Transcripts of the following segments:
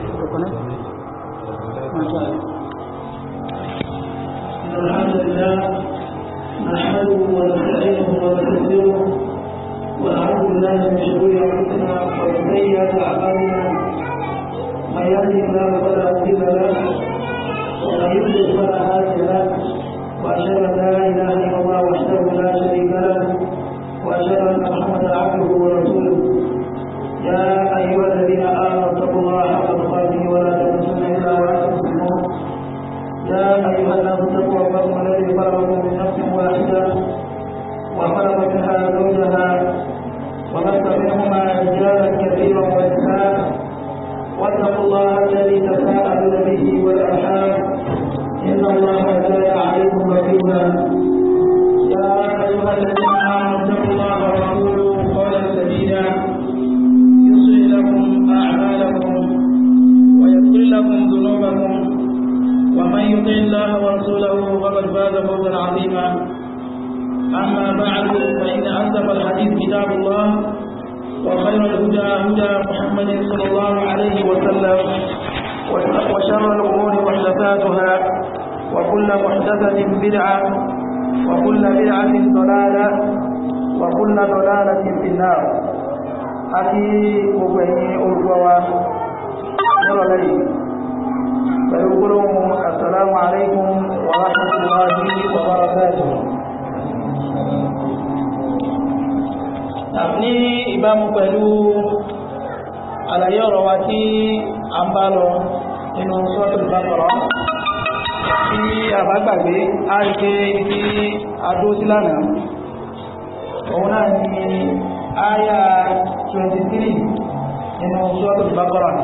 الحمد لله نحمده ونستعينه ونستغفره ونعوذ بالله من شرور ومن سيئات اعمالنا من يهده الله فلا مضل ومن يضلل فلا هادي واشهد ان لا اله الا الله وحده لا شريك له واشهد ان محمدا عبده ورسوله يا بدعة وكل بدعة ضلالة وكل ضلالة في النار أكي وبني أرجوا يلا لي فيقولون السلام عليكم ورحمة الله وبركاته ní ìbámu pẹ̀lú àlàyé ọ̀rọ̀ wa tí a ń bá lọ nínú sọ́ọ̀tù Baqara tí àbágbàgbé á rí pé ibi a dó sí lánàá òun náà ni áyà 23 nínú Suratul Baqarah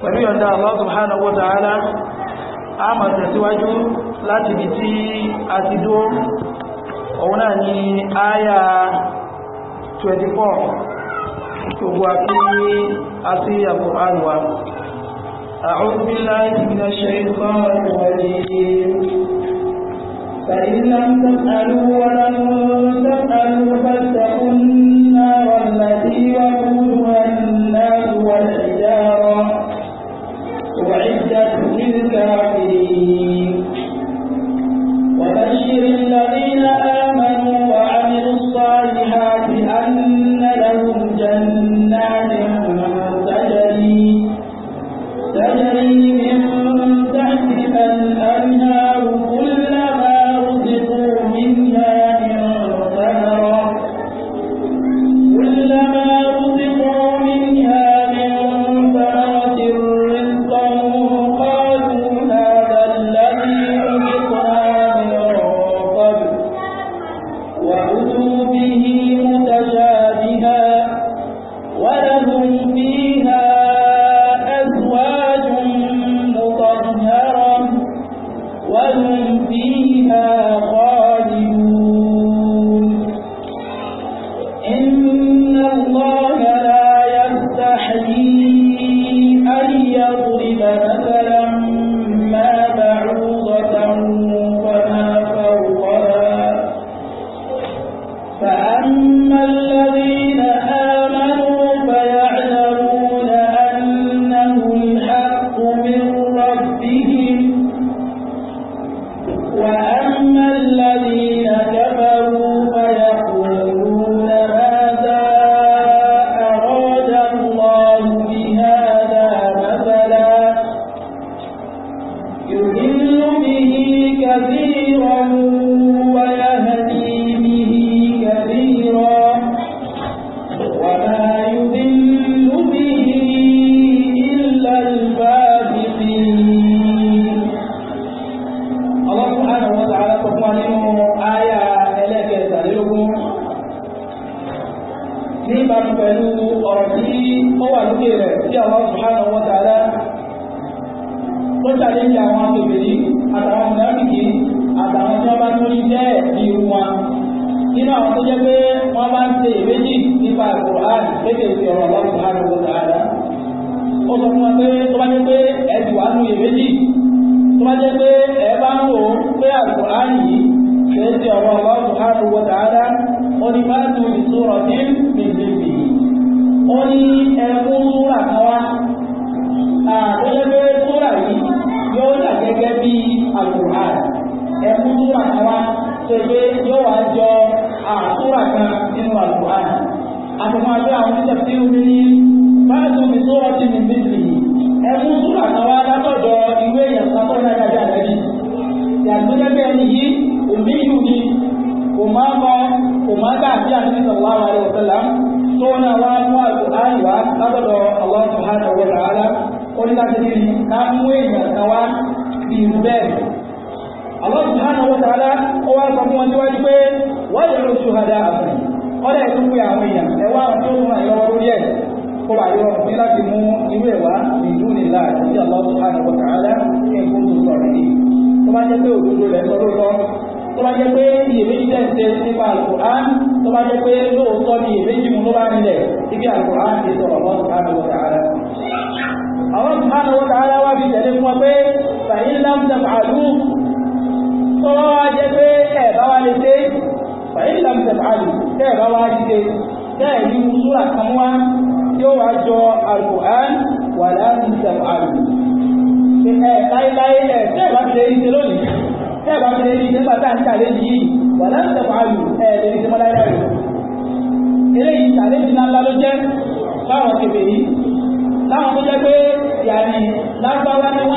pẹ̀lú yọ̀ǹda Allah subhanahu wa ta'ala a máa láti tí a ti dó òun náà ni 24 تسألوا ولن àwọn tó jẹ́ pé wọ́n bá ń ṣe ìwéjì nípa Al-Qur'an kéde òsì ọ̀rọ̀ Allah subhanahu wa ta'ala ó sọ fún wa pé tó bá jẹ́ pé ẹ ti wà nù ìwéjì tó bá jẹ́ pé ẹ bá ń wò ó pé Al-Qur'an yìí kéde òsì ọ̀rọ̀ Allah subhanahu wa ta'ala ó ní bá tu ìṣòro tí mi ti bì í ó ní ẹkú súrà kan wá àtọ́jẹ́ pé súrà yìí yóò dà gẹ́gẹ́ bí Al-Qur'an ẹkú súrà kan wá ṣe pé yóò wá jọ àtúrà kan nínú àlùkùránì àtùmọ̀ àgbẹ̀ àwọn oníṣẹ́ tí ó mi ní báyìí mi tó rọ́ọ̀tì mi bíbélì ẹ̀mú súrà kan wá látọ̀dọ̀ ìwé èèyàn kan tó ní àjàjà rẹ̀ ni ìyàgbẹ́gbẹ́ ẹni yìí òmí yìí ni kò máa mọ kò máa gbà bí àti sallallahu alaihi wasallam tó ní àwọn amú àlùkùránì wá látọ̀dọ̀ Allah subhanahu wa ta'ala ó ní láti rí ká mú èèyàn kan wá bí irú bẹ́ẹ̀ Allah subhanahu wa ta'ala ó wá sọ fún wọn síwájú pé wọ́n yẹ lọ ṣùhàdá àfẹ́ ọ̀dà ẹ̀sùn pé àwọn èèyàn ẹ wá àwọn tí ó tún àyọ̀ lórí ẹ̀ kó bá yọ ní láti mú irú ẹ̀ wá ìlú nílá àti Allah subhanahu wa ta'ala ní ẹ̀kọ́ tó sọ̀rọ̀ yìí tó bá jẹ́ pé òdodo rẹ̀ sọ lóòótọ́ tó bá fi tẹ̀lé fún wa pé fàyín lámùtà fàálù tó wá wá jẹ́ pé ẹ̀ bá wá lè dé fàyè ìlànà tẹ̀fààlì tẹ́ ẹ̀ bá wá rí dé tẹ́ ẹ̀ ní súrà kan wá yóò wá jọ Al-Qur'an wà láti tẹ̀fààlì ṣe ẹ̀ láéláé ẹ̀ tẹ́ ẹ̀ bá fi lè rí ṣe lónìí tẹ́ ẹ̀ bá fi lè rí nípa tá à ń tàlé yìí wà láti tẹ̀fààlì ẹ̀ lè rí ṣe mọ́ láéláé eléyìí tàlé ti náà ló jẹ́ láwọn kébè yìí láwọn tó jẹ́ pé yàrá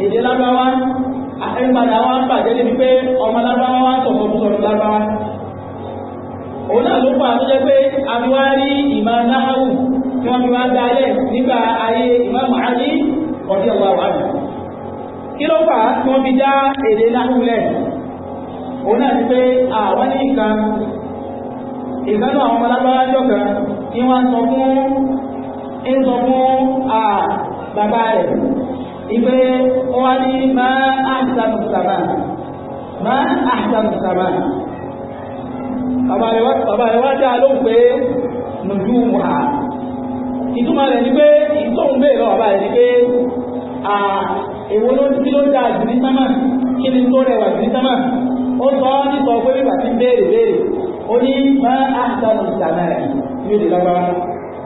èdè lábáwá ẹnìpadà wa ń bàjẹ́ débi pé ọmọ lábáwá wa ń sọ̀kọ́ fún sọ̀rọ̀ lábáwá òun náà ló fà á tó jẹ́ pé abiwárí ìmọ̀ náhàwù tí wọ́n fi wá dá ilẹ̀ nígbà ayé ìmọ̀ màálí ọdí ọ̀wà wà ní kí ló fà á tí wọ́n fi dá èdè náhàwù lẹ̀ òun náà ti pé àwọn ní nǹkan ìkánú àwọn ọmọ lábáwá jọ̀kan ni wọ́n sọ fún sọ fún bàbá rẹ̀ Ibe wọn ní máa àṣàlù sàmà máa àṣàlù sàmà bàbá rẹ̀ wá dá lóhùn pé nùjú wà ìtumọ̀ rẹ̀ ni pé ìtòhùn bèèrè lọ bàbá rẹ̀ ni pé èwo ló ti ló dáa jù ní sámà kí ni tó rẹwà jù ní sámà ó sọ ọ́ nítọ̀ pé bíbà ti béèrè béèrè ó ní máa àṣàlù sàmà rẹ̀ ní òde lágbára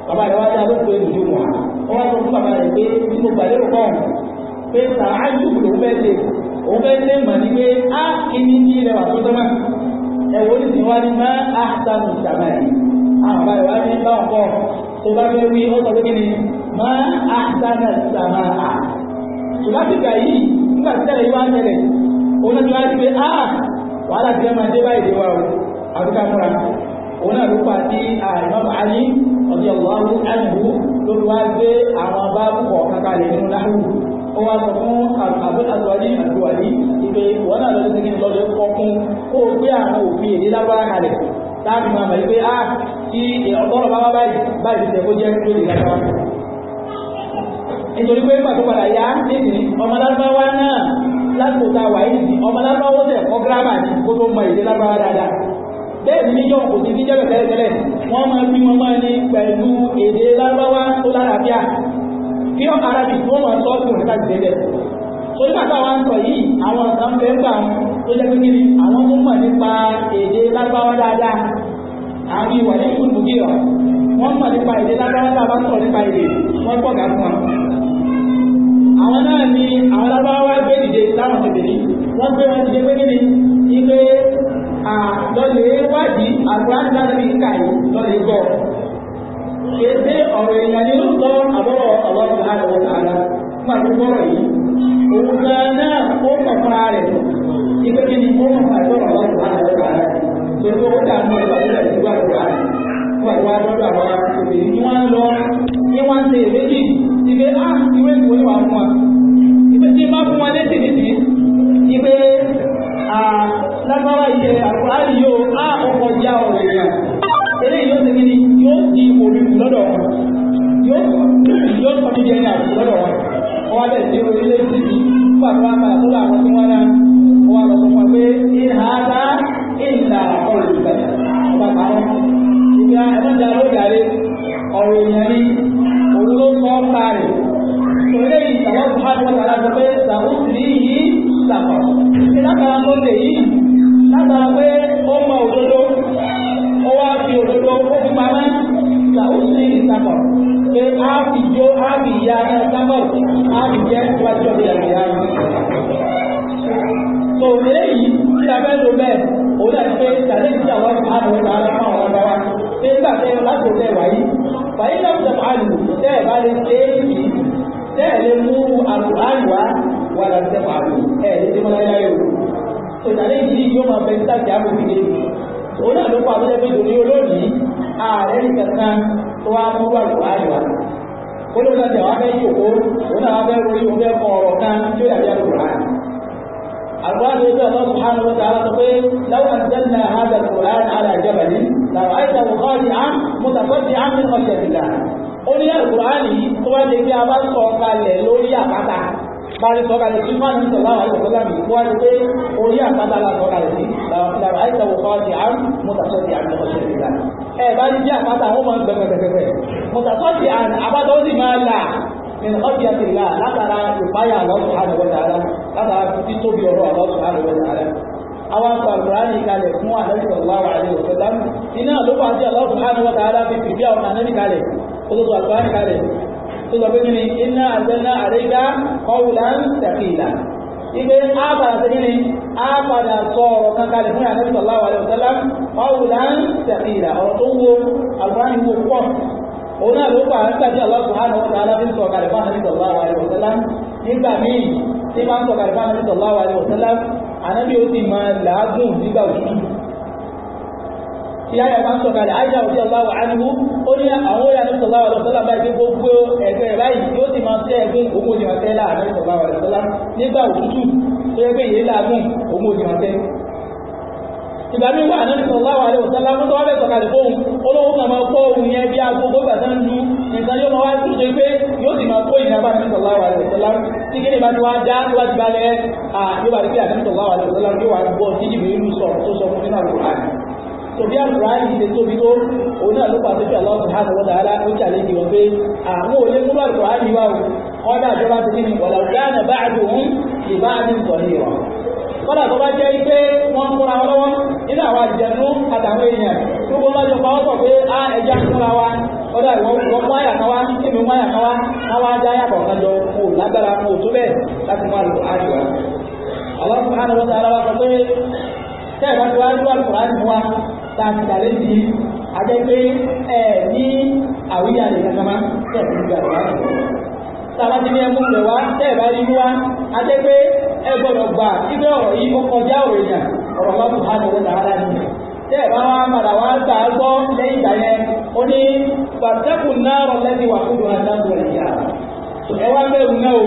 bàbá rẹ̀ wá dá lóhùn pé nùjú wà ó wá sọ fún bàbá rẹ̀ pé nínú gbàlérò kọ́ọ̀mù pé tààjú lòun fẹ́ lè òun fẹ́ lè mọ̀ ní pé á kí ní kí rẹwà tó tọ́ máa ẹ̀wọ̀ ní ti wá ní máa á sàmì ìjàmbá yìí àbá ìwà ní báwọn pọ̀ tó bá fẹ́ wí ó sọ pé kí ni máa á sàmì ìjàmbá à ṣùgbọ́n ti yìí nígbà tí tẹ́lẹ̀ yìí wá ń tẹ̀lẹ̀ wá sí pé á wàhálà tí máa dé báyìí dé o àbíká múra òun náà ló pa sí àìmọ́mọ́ ayé ọ̀dí ọ̀lọ́wọ́ ló wá gbé àwọn bá pọ̀ kankalẹ̀ nínú láhùn ó wá sọ fún àbúrásọ̀wájú àdúwàlí ìpè wọn náà lọ́dún sígi lọ́dún kọ́ fún kó o gbé àwọn òfin èdè lágbára kalẹ̀ láti máa mọ̀ pé ah tí ọ̀tọ́rọ̀ bá wá báyìí báyìí ti tẹ̀ kó jẹ́ lóde lágbára nítorí pé pàtó padà yá nísìnyí ọmọ lágbára náà lásìkò tá a wà yìí ọmọ lágbára ó tẹ̀ kọ́ gírámà ní kó tó mọ èdè lágbára dáadáa bẹ́ẹ̀ ni yọ̀ kò ti fi jẹ́ bẹ̀tẹ̀lẹ̀tẹ̀lẹ̀ wọ́n máa fi wọn máa ní pẹ̀lú èdè lágbára tó lálàáfíà ní arabic wọ́n máa sọ ọdún nípa ìdẹ́lẹ̀ so nígbà táwa ń sọ yìí àwọn ọ̀sán fẹ́ ń gbà tó jẹ́ pé kíni àwọn tó mọ̀ nípa èdè lágbáwá dáadáa àwọn ìwà ní ìlú gíọ̀ wọ́n mọ̀ nípa èdè lágbáwá tá a bá sọ̀rọ̀ nípa èdè wọ́n pọ̀ gà fún wọn àwọn náà ni àwọn kalẹ̀ fún àlẹ́sì ọ̀láwà àlẹ́ òṣèlá iná ló bá jẹ́ ọlọ́run láti wọ́n tààrà fi fìdí àwọn àlẹ́sì kalẹ̀ ó tó sọ àlùfáàní kalẹ̀ tó sọ pé kí ni iná àgbẹ̀ná àríga kọ́wùlá ń tẹ̀kì ìlà ibe a padà sí kí ni a padà sọ ọ̀rọ̀ kan kalẹ̀ fún àlẹ́sì ọ̀láwà àlẹ́ òṣèlá kọ́wùlá ń tẹ̀kì ìlà ọ̀rọ̀ tó wo àlùfáàní wo pọ̀ òun náà ló ànábì ó sì máa làágùn nígbà òtútù ìyá rẹ̀ máa ń sọ̀kalẹ̀ àìsà òbí ọláwà ánìwú ó ní àwọn òyà nípa ọláwà lọ́sọ́lá báyìí pé gbogbo ẹ̀gbẹ́ rẹ̀ báyìí yóò sì máa tẹ́ ẹgbẹ́ òun òdìmọ̀tẹ́ láàárín ọláwà lọ́sọ́lá nígbà òtútù tó yẹ pé ìyé làágùn òun ìgbà mi wà nínú sọ̀rọ̀ láwà rẹ̀ òsàlá mú tọ́wọ́ bẹ̀sọ̀ kalẹ̀ fóun olówó kan máa kọ́ ohun yẹn bí aago bó bàtà ń lu nìkan yóò máa wá sí ṣe pé yóò sì máa kó ìyàbá nínú sọ̀rọ̀ láwà rẹ̀ òsàlá tí kí ni bá ti wá já wá ti balẹ̀ yóò wá rí pé àdínú sọ̀rọ̀ láwà rẹ̀ òsàlá yóò wá gbọ́ tí jìbì ìlú sọ̀rọ̀ tó sọ fún nínú àlùkò tòbí àlùkùránì ṣe tóbi tó òun náà kọ́dà tó bá jẹ́ pé wọ́n kóra wọn lọ́wọ́ nínú àwọn àjẹnú àtàwọn èèyàn gbogbo wọn jọ pàwọ́ sọ pé á ẹja kóra wa kọ́dà ìwọ́n mú àyà kan wá èmi mú àyà kan wá káwá já yàtọ̀ kan jọ kó lágbára kó tó bẹ́ẹ̀ láti mú àlùkò àjọ wa. àwọn fún àwọn ọ̀sán ara wa sọ pé tẹ́ ẹ̀ bá ti wá àlùkò àjọ wa tá ti dàlẹ́ sí i pé ẹ ní àwíyá tàbá ti ní ẹmú rẹ̀ wá tẹ́ ẹ̀ bá rí wá a jẹ́ pé ẹ gbọ́dọ̀ gbà ibẹ̀ ọ̀rọ̀ yìí ó kọjá òwe yàn ọ̀rọ̀ bá bù hàn ọ̀rọ̀ tàbá dání tẹ́ ẹ̀ bá wá padà wá gbà á gbọ́ lẹ́yìn ìgbà yẹn ó ní pàtẹ́kù náà rọ lẹ́ni wà fún ìwà náà lọ́rẹ̀ yà ẹ wá bẹ́ẹ̀ mú náà o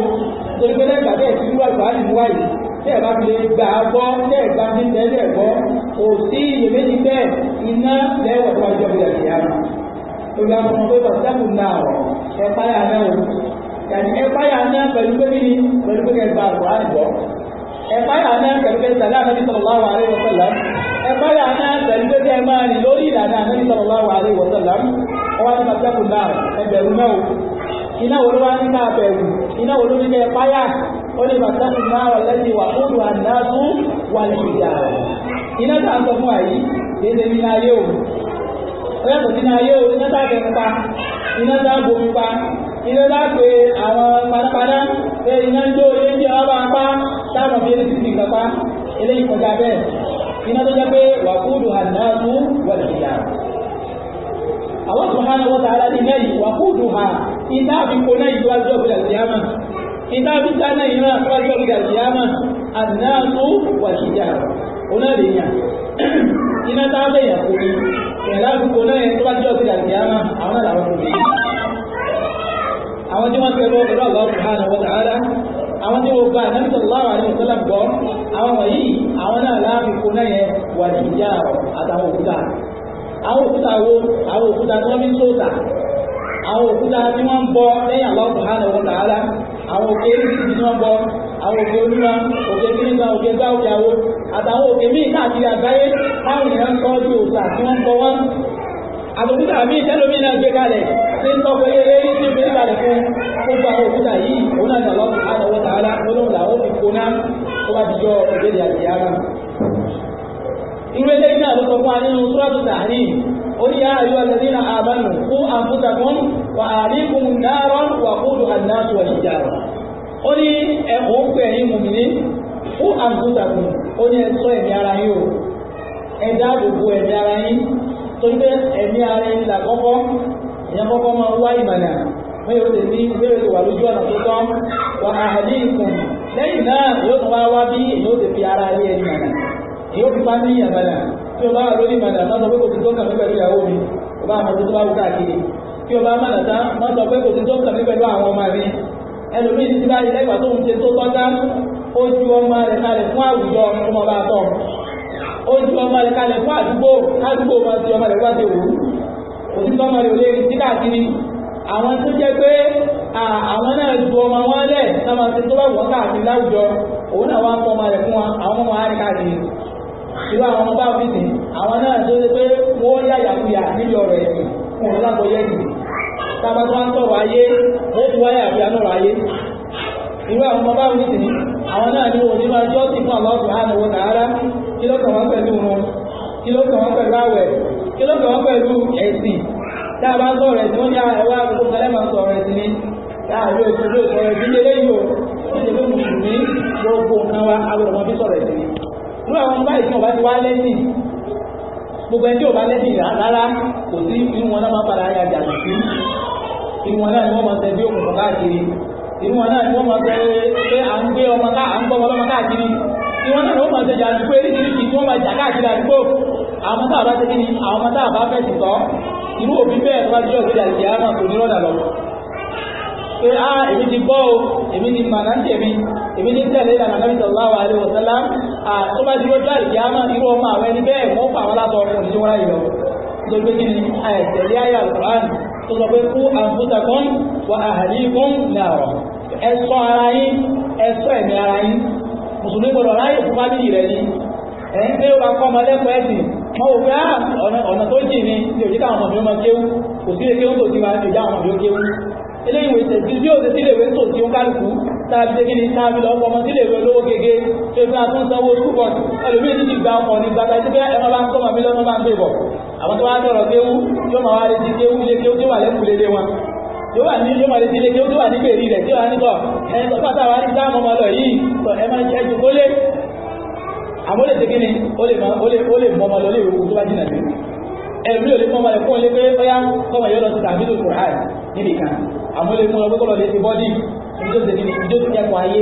torí pé lẹ́gbàá bẹ́ẹ̀ ti wúwà ìgbà ní wáyé tẹ́ ẹ̀ bá fi lè gbà á gbọ́ tẹ́ ẹ̀ gbà ní tẹ́lẹ̀ gbọ́ kò sí iyèméjì bẹ́ẹ̀ iná lẹ́wọ̀ tó wájú ọ̀gbìn àti yàrá. olùyàwó ọmọ pé yàtí ẹ̀fáyà náà pẹ̀lú pé kí ni pẹ̀lú pé kẹgbà àgbà àgbọ̀ ẹ̀fáyà náà pẹ̀lú pé sàlẹ̀ àmẹ́bí sallallahu alaihi wasallam ẹ̀fáyà náà pẹ̀lú pé kẹ máa rìn lórí ìlànà àmẹ́bí sallallahu alaihi wasallam ọwọ́ ní pàtàkùn náà ẹgbẹ̀rún náà iná wo ló wá ní ká bẹ̀rù iná wo ló ní kẹ fáyà ó ní pàtàkùn náà ọ̀lẹ́sìn wà ó lu àdáàbò wà lè fi jà iná tá a sọ fún àyí dédé ní ayé o ó yàtọ̀ sí ní ayé o iná tá a kẹ́ iná tá bomi pa iná lápé àwọn panápaná pé iná ń jó ilé tí ọba ń pa táwọn bí èsì ti kápá eléyìí kọjá bẹ́ẹ̀ iná tó jẹ́ pé wàkúùdù àdáàbù wọ̀lẹ̀yà àwọn subhanahu wa ta'ala ní iná yìí wàkúùdù ha iná àfikún náà yìí wájú ọ̀gbìn àlùyámà iná àfikún náà yìí wájú ọ̀gbìn àlùyámà àdáàbù wọ̀lẹ̀yà òun náà lè yàn iná táwọn bẹ̀yà kò ní ẹ̀rọ àfikún náà yẹn tó bá jẹ́ ọ̀gbìn àwọn náà àwọn tí wọ́n tẹ̀lé pẹ̀lú Allah subhanahu wa ta'ala àwọn tí wọ́n gba Ànábì sallallahu alaihi wasallam gbọ́ àwọn wọ̀nyí àwọn náà láàmì kó náà yẹn wà ní ìjà àtàwọn òkúta àwọn òkúta wo àwọn òkúta tí wọ́n fi ń sóòtà àwọn òkúta tí wọ́n ń bọ lẹ́yìn Allah subhanahu wa ta'ala àwọn òkè tí wọ́n bọ àwọn òkè olúwa òkè kíníkà òkè gbá òkè àtàwọn òkè míì káàkiri àgbáyé táwọn èèyàn ń tọ́jú òòtà tí wọ́n ń bọ wọn àbòkúta àmì ìtẹ́lómi náà gbé kalẹ̀ tí ń tọ́kọ eré tí ń gbé kalẹ̀ fún gbogbo àwọn òkúta yìí òun náà lọ́wọ́ àwọn ọ̀tá ara olóhùn làwọn fi kóná tó bá dijọ́ ìbéèrè àti ara. irú eléyìí náà ló sọ fún wa nínú túrọ́tù tààrí oníyà àríwá lẹ́yìn náà àbánu kú àǹfùtà kan wà àríkùn náírà wà kódù àdáàtú ọ̀ṣìjà rẹ̀. ó ní ẹ̀kọ́ ń pè ní mùmìnì kú àǹfùtà kan ó ní ẹ̀sọ́ ẹ̀mí ara yín o ẹ̀dá àdògbò ẹ̀mí ara yín torí pé ẹ̀mí ara ẹni làkọ́kọ́ ìyẹn kọ́kọ́ máa wá ìmọ̀nà bẹ́ẹ̀ ó lè ní ìbéèrè tó wà lójú ọ̀nà tó tọ́ wà àhàdí ìkùn lẹ́yìn náà yóò tún wá wá bí èyí ó ti fi ara rí ẹni mọ̀nà èyí ó fi bá ní ìyàmọ̀nà tí o bá wà lórí ìmọ̀nà má sọ pé kò sí tó kàn mí pẹ̀lú ìyàwó mi kò bá àwọn tó bá wù káàkiri tí o bá mọ̀nà tán má sọ pé kò sí tó kàn pẹ̀lú àwọn ọmọ mi ẹlòmíì ti bá ilé ìgbà tó ń ṣe tó tọ́ ó ju ọmọ rẹ̀ kalẹ̀ fún àdúgbò kádùgbò máa ti ọmọ rẹ̀ wá ti wò kò sí sọmọ rẹ̀ ò lè rí káàkiri àwọn tó jẹ́ pé àwọn náà ju ọmọ wọn lẹ̀ sọmọ tó bá wọ́n káàkiri láwùjọ òun náà wá ń fọ ọmọ rẹ̀ fún àwọn ọmọ káàkiri irú àwọn ọmọ bá àwọn náà tó ṣe pé kí ló kàn wá pẹ̀lú wọn kí ló kàn wá pẹ̀lú àwẹ̀ kí ló kàn wá pẹ̀lú ẹ̀sìn tá a bá ń sọ̀rọ̀ ẹ̀sìn wọ́n ní ẹ̀wọ́ àgùntàn kẹlẹ́ máa sọ̀rọ̀ ẹ̀sìn ni láàárọ̀ ìṣòro ìṣòro ìdílé eléyìí o ìṣe pé mùsùlùmí gbogbo nǹkan wa agbọ̀dọ̀ wọn fi sọ̀rọ̀ ẹ̀sìn ni irú àwọn báyìí tí wọn bá ti wá lẹ́sìn gbogbo ẹni tí ò bá lẹ́sìn rárá kò sí irú wọn náà máa padà ayé àjà sí irú wọn náà ni wọ́n máa ṣe bí òkùnkùn káàkiri irú wọn náà ni wọ́n máa ṣe pé à ń gbé ọmọ ká à ń gbọ́ ọmọ ìwọ̀n náà wọ́n máa tẹ̀jà àdúgbò eréjìrísì tí wọ́n máa jà káàkiri àdúgbò àwọn tá a bá tẹ́kí ni àwọn tá a bá fẹ́ sì tọ́ irú òbí bẹ́ẹ̀ tó bá jọ ìgbéjà ìgbé àmà kò ní rọ́dà lọ. pé a èmi ti gbọ́ o èmi ni màná ń tẹ̀mí èmi ní tẹ̀lé ìlànà nàbí sallallahu alaihi wasallam à tó bá ti rọ́dà ìgbé àmà irú ọmọ àwọn ẹni bẹ́ẹ̀ wọ́n fà wọn látọ̀ ọkùnrin tó wáyé lọ. nítorí pé kí ni àìtẹ̀lé ayé àlùkùrán tó sọ pé kú anfusakum wa ahlikum nara ẹ̀sọ́ ara yín ẹ̀sọ́ ẹ̀mí ara yín mùsùlùmí gbọdọ̀ ráyè fún fámìlì rẹ̀ ni ẹ̀yìn pé ó bá kọ́ ọmọ lẹ́kọ̀ọ́ ẹ̀sìn wọ́n wò pé ah, ọ̀nà tó jì ní ní òjì káwọn ọmọdé ọmọ kéwú kò sí kéwú tó ti wá ní òjì àwọn ọmọdé kéwú eléyìí wèsè tí bí òsè sílè wé tó ti ń kálukú tàbí ṣe ni tàbí lọ́pọ̀ ọmọ sílè wé olówó gègé tó fi àtún sanwó school bus ẹlòmíì ti ti gba ọkọ̀ ní gbàgbà tí bí ẹmọ bá ń kọ́ màmí lọ́mọ bá ń gbé bọ̀ àwọn tó wá dọ̀rọ̀ kéwú yóò máa wá retí kéwú ilé kéwú tí wà lẹ́kùn lédè wọn yóò wà ní yóò máa lè sílé kí ó tó wà ní gbèrí rẹ̀ tí ó wà ní tọ̀ ẹ sọ pátá wa ní dáàmú ọmọ lọ yìí tọ ẹ máa jẹ́ ju kó lé àmọ́ lè segin ni ó lè mọ ọmọ lọ lè wò tó bá jìnà sí ẹ̀mí ò lè mọ ọmọ rẹ̀ fún ọ lé pé bóyá kọ́mọ yóò lọ sí tàbí ló kùrà níbi kan àmọ́ lè mú ọ gbọ́dọ̀ lè ti bọ́dì ìjó segin ni ìjó ti ẹ̀kọ́ ayé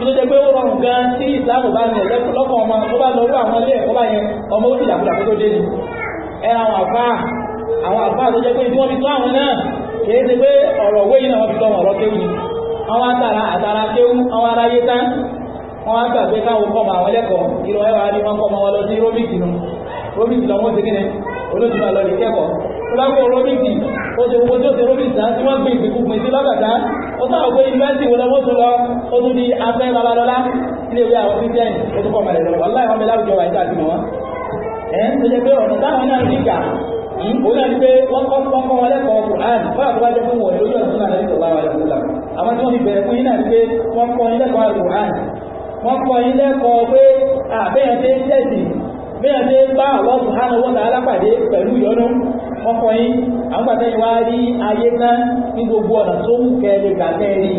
ìjó jẹ́ pé ó rọrùn gan tí ìsìlámù bá ní ẹ̀jẹ̀ lọ́kàn ọmọ tó bá lọ rú àwọn ilé ẹ̀kọ́ bá yẹn ọmọ ó sì dàkúdà tó tó dé ni ẹ àwọn àfáà àwọn àfáà tó jẹ́ pé tí wọ́n fi tó àwọn náà kìí ṣe pé ọ̀rọ̀ òwe yìí náà wọ́n fi tọ́ ọ̀rọ̀ kéwù àwọn àtàrà àtàrà kéwù àwọn aráyé tán wọ́n á gbà pé káwọn kọ́ àwọn ẹlẹ́kọ̀ọ́ ìlú ẹwà ni wọ́n kọ́ wọn lọ sí rómìtì nù rómìtì lọ́wọ́ ti kíni olóòtú máa lọ lè kẹ́kọ̀ọ́ tó bá kó rómìtì ó ṣe owó tó ṣe rómìtì náà tí wọ́n gbé ìgbèkú pin sí lọ́gàdá ó sáà gbé yunifásitì wọn lọ́wọ́ tó lọ ó tún di afẹ́ babalọ́lá ilé ìwé àwọn christian ó tún kọ́ ọmọ rẹ̀ lọ́wọ́ láì wọn bẹ láwùjọ wà ní òun náà ni pé wọ́n kọ́ wọ́n kọ́ wọn lẹ́kọ̀ọ́ Quran wọ́n àti wọ́n jẹ́ fún wọn lójú ọ̀sán náà lẹ́yìn tọ́lá wàlẹ̀ fúlà àwọn tí wọ́n fi bẹ̀rẹ̀ fún yín náà ni pé wọ́n kọ́ yín lẹ́kọ̀ọ́ Quran wọ́n kọ́ yín lẹ́kọ̀ọ́ pé àbẹ́yàn ṣe ń tẹ̀sìn bẹ́ẹ̀ ṣe ń bá àwọn Subhana wa Ta'ala pàdé pẹ̀lú ìyọnu ọkọ̀ yín àwọn pàtẹ́yìn wá rí ayé ná ní gbogbo ọ̀nà tó ń kẹ́lẹ̀ gbà tẹ́ẹ̀rí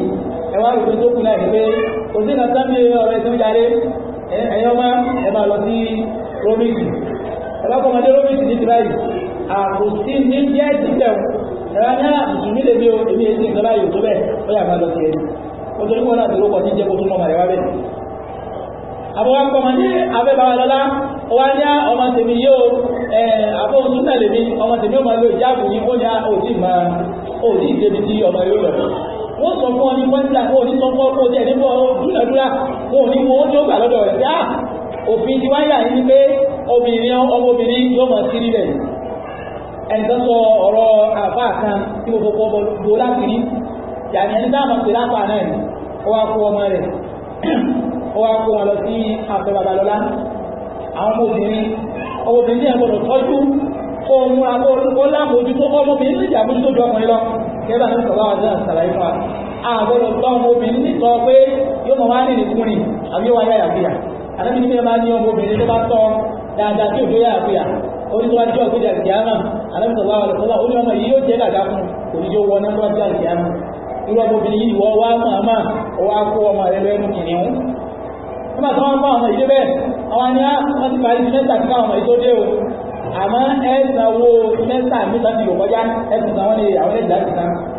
ẹwà rògbé tó kù náà pé kò sí ìrántá mi ọ̀rọ̀ ẹ̀sìn jáde ẹ̀yọ́ má ẹ máa lọ sí rómìtì ẹ bá kọ́ ọmọdé rómìtì ní tíráyì àkùsí ní jẹ́ ìdílẹ̀ ẹ̀rọ náà mùsùlùmí lè bí o èmi èsì ìjọba yóò tó bẹ́ẹ̀ ó yà máa lọ sí ẹni ó torí wọn náà dúró pọ̀ sí jẹ́ kó tún mọ́ màrẹ́wá bẹ́ẹ̀. àbúrò akọ ọmọ ní abẹ́ bàbá lọ́lá ó wá ní ah, ọmọ tèmi yóò ẹ̀ àbọ̀ òtún náà lèmi ọmọ tèmi ó máa lo ìjáàbù yìí ó ní òtí ah, máa òtí ìdébi tí ọmọ yóò lọ wọ́n sọ fún ọ ní pọ́ńtà wọn ní sọ fún ọ kó o tẹ̀ ní bọ́ dúnàdúrà wọn ní wo tó gbà lọ́dọ̀ rẹ̀ yá ah, òfin ti wáyà yìí ni pé obìnrin ọmọbìnrin yóò máa sí nílẹ̀ ẹnìkan sọ ọ̀rọ̀ àbá kan tí mo kọ́kọ́ bo láti rí yàrá ẹni dáàmà pé lápá náà ni ó wá kó ọmọ rẹ̀ ó wá kó wọn lọ sí àfẹ babalọlá àwọn ọmọbìnrin ọmọbìnrin yẹn gbọdọ̀ tọ́jú kó mú akó lábòójú tó ọmọbìnrin ní ìjàmbójú tó ju ọkùnrin lọ kẹ́bà ní sọ̀rọ̀ àwọn ọ̀dọ́ àṣàlàyé fún wa àgbọ̀dọ̀ tọ́ ọmọbìnrin nìtọ́ pé yóò mọ̀ wá nínú ìkúrin àbí wáyà yàgbéyà àdábìnrin yẹn máa ní ọmọbìnrin tó onídọ́wà jẹ́ ọ̀gbẹ́dà kìáma alábìsọ̀lá wà lọ́sọ́lá ó ní ọmọ yìí yóò jẹ́ dàda fún oníjó wọn náà wà jẹ́ kìáma irú ọmọbìnrin yìí wọ́n wá màmá ọwọ́ akó ọmọ rẹ lẹ́nu kìnìún nígbà tí wọ́n bá ọmọ yìí débẹ̀ àwọn ni ah, wọ́n ti parí mẹ́ta kíkà ọmọ yìí tó dé o àmọ́ ẹ̀sán wo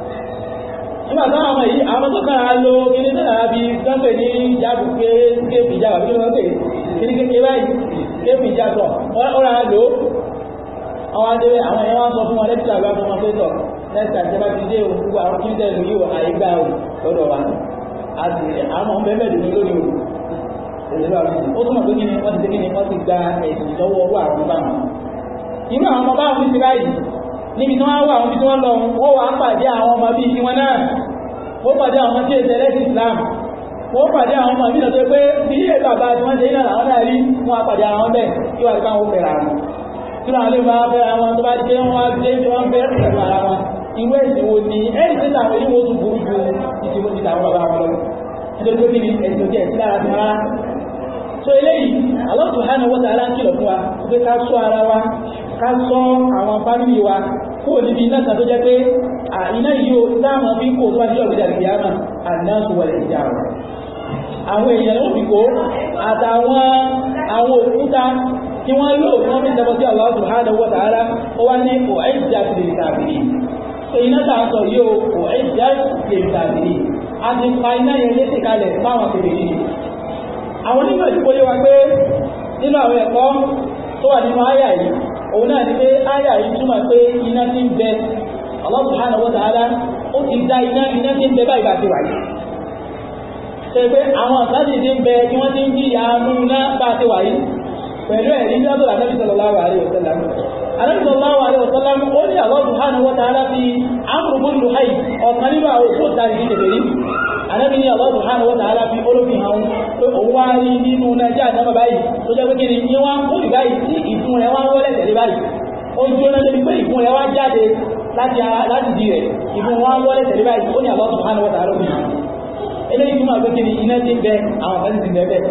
nígbà táwọn ọmọ yìí àwọn tó kàn á lo kíní náà bí sọ́pẹ̀ ní jáde pé kéèpì jábà bí wọ́n pè kíní kékeré báyìí kéèpì jábọ̀ ó ra lò ó àwọn adébẹ̀ àwọn ẹ̀yẹ́ wọn sọ fún wọn lẹ́tí àgbà fún wọn pé tọ̀ lẹ́tà tí wọ́n ti dé òun gbogbo àwọn kíní tẹ̀lé yìí wọ̀ àyígbà o lọ́dọ̀ wa a sì àwọn ọmọ bẹ́ẹ̀ bẹ́ẹ̀ lórí o ó túnmọ̀ pé kíni wọ́n ti kíni wọ́n ti gba ẹ̀sìn lọ́wọ́ owó àwọn ọmọ báwọn irú àwọn ọmọ báwọn ti ti báyìí níbi tí wọ́n wà àwọn tí wọ́n lọ wọ́n wà pàdé àwọn ọmọ bíi tiwọn náà ó pàdé àwọn tí èdè ẹlẹ́sìn Islam ó pàdé àwọn ọmọ bíi lọ́tọ́ pé bí ilé bàbá tí wọ́n ṣe iná làwọn náà rí wọ́n pàdé àwọn bẹ́ẹ̀ kí wà nípa wọn fẹ̀rẹ̀ àwọn kí wọ́n lè máa fẹ́ra wọn tó bá dé wọn wá dé tí wọ́n fẹ́ pẹ̀lú ara wọn irú ẹ̀sìn wo ni ẹ̀sìn tí tàwọn ìlú wo tún burú ju ìṣòro ti tàwọn bàbá wọn lọ nítorí pé kí ni ẹ̀sìn òkè ẹ̀sìn lára ti rárá so eléyìí Allah subhanahu wa ta'ala ń fún wa pé ká ṣọ́ ara wa ká ṣọ́ àwọn fámìlì wa kó o níbi iná kan tó jẹ́ pé iná yìí ó dáàmú bí kò tó bá jẹ́ ọ̀gbẹ́dà ìgbé àmà àdáàtú wọlé ìjà rẹ̀ àwọn èèyàn ló fi kó àtàwọn àwọn òkúta tí wọ́n lò fún ọmọ ìjọba sí Allah subhanahu wa ta'ala ó wá ní kò ẹ̀já ti lè tàbí so iná tà ń sọ yóò kò ẹ̀já ti lè tàbí a ti pa iná yẹn létí kalẹ̀ fáwọn tèrè yìí àwọn onímọ̀ òun náà ni pé áyà yìí túmọ̀ pé iná ti ń bẹ Allah subhanahu wa ta'ala ó ti dá iná iná ti ń bẹ báyìí bá ti wà yìí ṣe pé àwọn ọ̀sán ti ń bẹ tí wọ́n ti ń jìyà amúná bá ti wà yìí pẹ̀lú ẹ̀rí ní ọdún àtẹ́bí sallallahu alaihi wasallam alẹ́sọ̀láwà alẹ́sọ̀láwà ó ní Allah subhanahu wa ta'ala fi amúrùbó ìlú haì ọ̀kan nínú àwọn òkú òtá ìdíje bèrè alẹ́bí ní Allah subhanahu wa ta'ala fi olófin hàn pé òun wá rí nínú nàìjíríà náà báyìí tó jẹ́ pé kí ni ní wá ń kó ìbáyìí tí ìfún rẹ̀ wá ń wọlé tẹ̀lé báyìí ó jóná débi pé ìfún rẹ̀ wá jáde láti ara láti di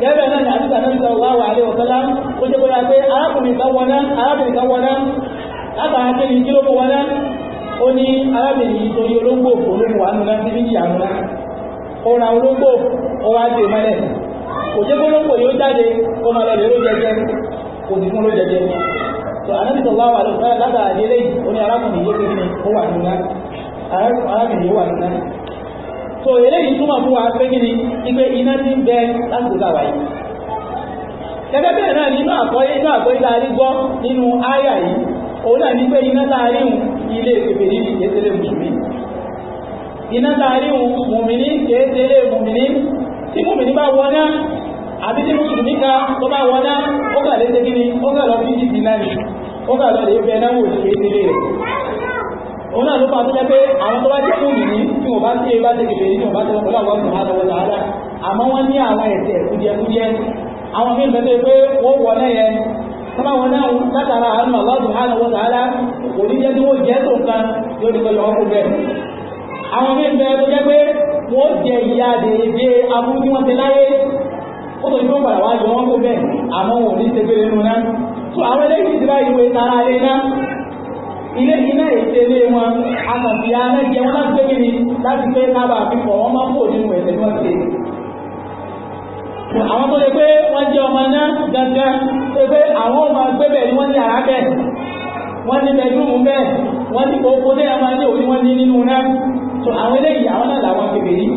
gẹ́gẹ́ náà ni àdúgbà náà sọ wá wà àríwọ̀ sọ́lá ó jẹ́ kóra pé arákùnrin kan wọná arábìnrin kan wọná látara pé ní kílókò wọná ó ní arábìnrin yìí torí olóńgbò olóńgbò wà nùnà sí méjì àmúná ó ra olóńgbò ó wá dé mọ́lẹ̀ kò jẹ́ kó olóńgbò yóò jáde ó máa lọ lè ló jẹjẹ kò sì fún ló jẹjẹ tó ànábì sọ wá wà àríwọ̀ sọ́lá látara so eléyìí túmọ̀ fún wa pé kí ni ipe iná ti ń bẹ lásìkò tá a wà yìí gẹ́gẹ́ bẹ́ẹ̀ náà nínú àkọ́yé inú àkọ́yé tá a rí gbọ́ nínú áyà yìí òun náà ní pé iná tá a rí hùn ilé níbi mùsùlùmí iná tá a rí hùn mùmìnì mùmìnì tí mùmìnì bá wọ àbí tí òun náà ló fà á tó jẹ́ pé àwọn tó bá jẹ́ fún mi tí wọ́n bá sí ebá ṣe kèfèé tí wọ́n bá tẹ́wọ́ pẹ̀lú àwọn ọmọ àtọwọ́ sàádà àmọ́ wọ́n ní àwọn ẹ̀ṣẹ̀ kújẹkújẹ àwọn míì bẹ́ẹ̀ pé wọ́n wọ lẹ́yẹ sábà wọn náà látara àánú aláàbò àtọwọ́ sàádà kò ní jẹ́ tí wọ́n jẹ́ tó nǹkan yóò di pẹ̀lú ọkùnrin bẹ́ẹ̀ àwọn míì bẹ́ẹ̀ tó jẹ́ pé wọ́n jẹ ìyá àdèédé aburú tí wọ́n ti láyé ó tó ní kó padà wá yọ wọ́n kó bẹ́ẹ̀ àmọ́ wọn ò ní ṣe pé nínú náà tó àwọn eléyìí ti bá ìwé tara lé náà ilé iná ètè ilé wọn akànfi anájẹ wọn láti gbé mi láti pé kábà fífọ wọn máa kó nínú ẹ̀ṣẹ̀ ní wọn ṣe. àwọn tó lè pé wọn jẹ ọmọ náà gangan tó pé àwọn ọmọ agbébẹ ni wọn ní ara bẹ́ẹ̀ wọn ní bẹdúrúmù bẹ́ẹ̀ wọn ní kókó náà yà máa ní òní wọn ní nínú náà tó àwọn eléyìí àwọn náà làwọn bèbè yìí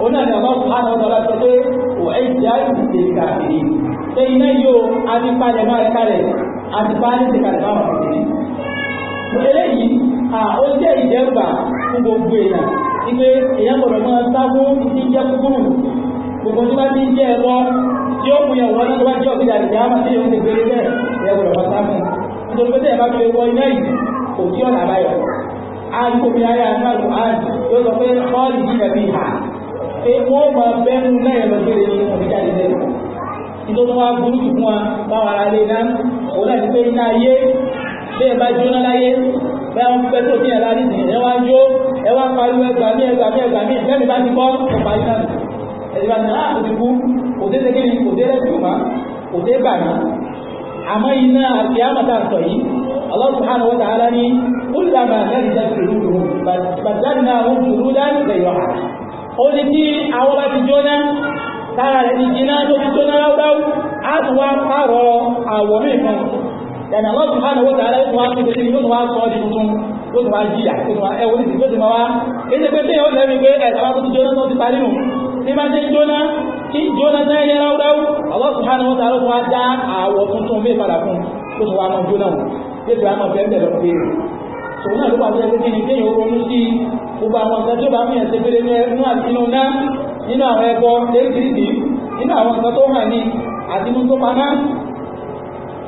òun náà ní ọmọ àwọn ọmọ ọlá sọ pé ò ẹ jẹ àìsíṣe kàkiri ṣé iná yóò adípadẹ máa kalẹ̀ àtìpá ní ti kalẹ̀ máa wà kàkiri eléyìí ó jẹ́ ìjẹ́gbà fún gbogbo èèyàn wípé èèyàn gbọ́dọ̀ máa sáfó ti jẹ́ kúrú gbogbo tí wọ́n ti jẹ́ ẹ̀rọ tí ó mú ẹ̀wọ̀n náà tó bá jẹ́ òkèjà ìjà àmà tí èèyàn ti gbélé bẹ́ẹ̀ ẹ̀ gbọ́dọ̀ máa sáfó nítorí pé tẹ̀ bá fi wọ iná yìí kò tí ọ̀nà àbáyọ alùpùpù ayé àtàlù àjù yóò sọ pé ọ́ọ̀lì yìí ẹ̀bí hà pé wọ́n máa bẹ́nu náà lọ gbére ní òkèjà ìjà ìjà nítorí wọn á burú jù fún wa báwa ara lé náà òun náà ti pé iná ayé bẹ́ẹ̀ bá jóná láyé bẹ́ẹ̀ wọ́n fẹ́ tó fihàn láti sìn ẹ̀ wá jó ẹ wá pariwo ẹgbà mí ẹgbà mí ẹgbà mí bẹ́ẹ̀ mi bá ti kọ́ ọ̀pá iná ẹ̀sìn bá ti náà ah, kò ti kú kò dé ṣe kíni kò dé rẹ́sì mọ́ kò dé bà mí àmọ́ iná àti àmàtà sọ yìí Allah subhanahu wa ta'ala ní kúlàmà lẹ́yìn dẹ́kun ìlú bàtàlì náà ní àwọn bá ti yàrá àwọn subhanahu wa ta'ala yóò wá sí pé yóò wá sọ ọdún tuntun yóò wá jìyà yóò wá ẹwọ nídìí yóò ti máa wá èyí pé tí yóò lẹ́rìí pé ẹ̀sán wa tó ti jóná tó ti parí nù ní máa ṣe jóná kí jóná náà yẹ ráúráú àwọn subhanahu wa ta'ala wá dá àwọ̀ tuntun mé padà fún tó ti wá máa jóná wọn yóò ti wá máa bẹ́ẹ̀ bẹ́ẹ̀ lọ pé sòwò náà ló wà bẹ́ẹ̀ pé kí ni ronú sí gbogbo àwọn nǹkan tí ó bá fìyàn ṣe péré nínú àtinú ná nínú àwọn ẹbọ lẹ́gbẹ̀ẹ́ nínú àwọn nǹkan tó hàn ní àtinú tó paná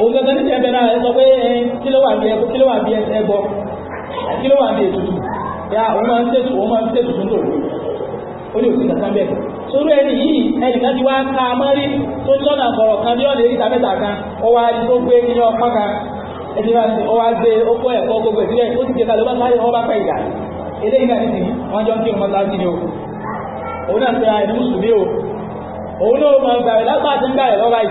òun gẹ́gẹ́ ní tẹ́ẹ̀bẹ̀ náà ẹ sọ pé eh, kí ló wà bí ẹbọ kí ló wà bí ẹbọ kí ló wà bí ètùtù ya òun máa ń tètù òun máa ń tètù tó lò ó lè òfin kankan bẹ́ẹ̀ sórí ẹni yìí ẹnìkan ti wá ká mọ́rí tó tọ́nà kọ̀rọ̀ kan bí ọ̀lẹ́ ìta mẹ́ta kan ó wá rí tó gbé kíní ọpọ́n kan ẹni wá sí ó wá gbé ó kó ẹ̀kọ́ gbogbo ìdílé ó ti jẹ́ kalẹ̀ ó bá sáré ọba pẹ̀ ìdá eléyìí náà nìsín wọ́n jọ ń kí ọmọ sáà kíni o òun náà ti ra ẹni mùsùlùmí o òun náà máa gbà rẹ̀ lápá àti ń gbà rẹ̀ lọ́wọ́ báyìí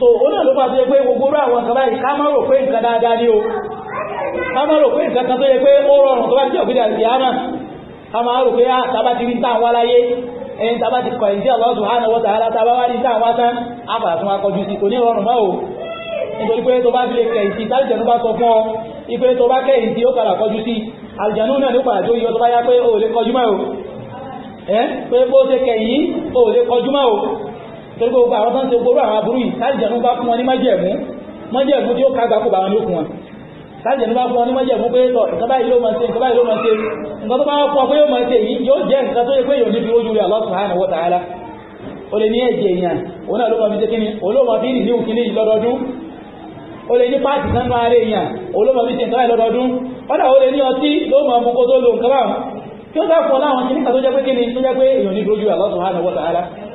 so ó náà ló pàtó yẹ pé gbogbo rú àwọn kan báyìí ká má rò pé nǹkan dáadáa ní o ká má rò pé nǹkan kan tó yẹ pé ó rọrùn tó bá jẹ́ òkúta ìdí àmà ká má rò pé àtàbá ah, ti rí tá àwọn aláyé ẹni tàbá ti kọ̀ ìdí Allah subhanahu wa ta'ala tàbá wá rí tá àwọn tán àbàrà tó máa kọjú sí kò ní rọrùn mọ́ o nítorí pé tó bá fi lè kẹ̀yìntì tálìjẹ̀nu bá sọ fún ọ ipe tó bá kẹ̀yìntì ó padà kọjú sí àlìjẹ̀nu náà ló padà tó yọ tó bá yá pé o ò lè kọjú mọ́ o ẹ pé bó ṣe kẹ̀yìn o ò lè kọjú mọ́ o torí gbogbo àwọn tó ń ṣe gbogbo àwọn aburú yìí sáàjẹ̀nú bá fún wọn ní májẹ̀mú májẹ̀mú tí ó ká gbàkó bàwọn lókun wọn sáàjẹ̀nú bá fún wọn ní májẹ̀mú pé tọ̀ nǹkan báyìí ló máa ṣe nǹkan báyìí ló máa nǹkan tó bá fún ọ pé yóò máa yìí yóò jẹ́ nǹkan tó yẹ pé ní fi ojú rẹ̀ o lè ní ẹ̀jẹ̀ èèyàn o lè ní páàtì sánú ara èèyàn òun ló máa fi ṣe nǹkan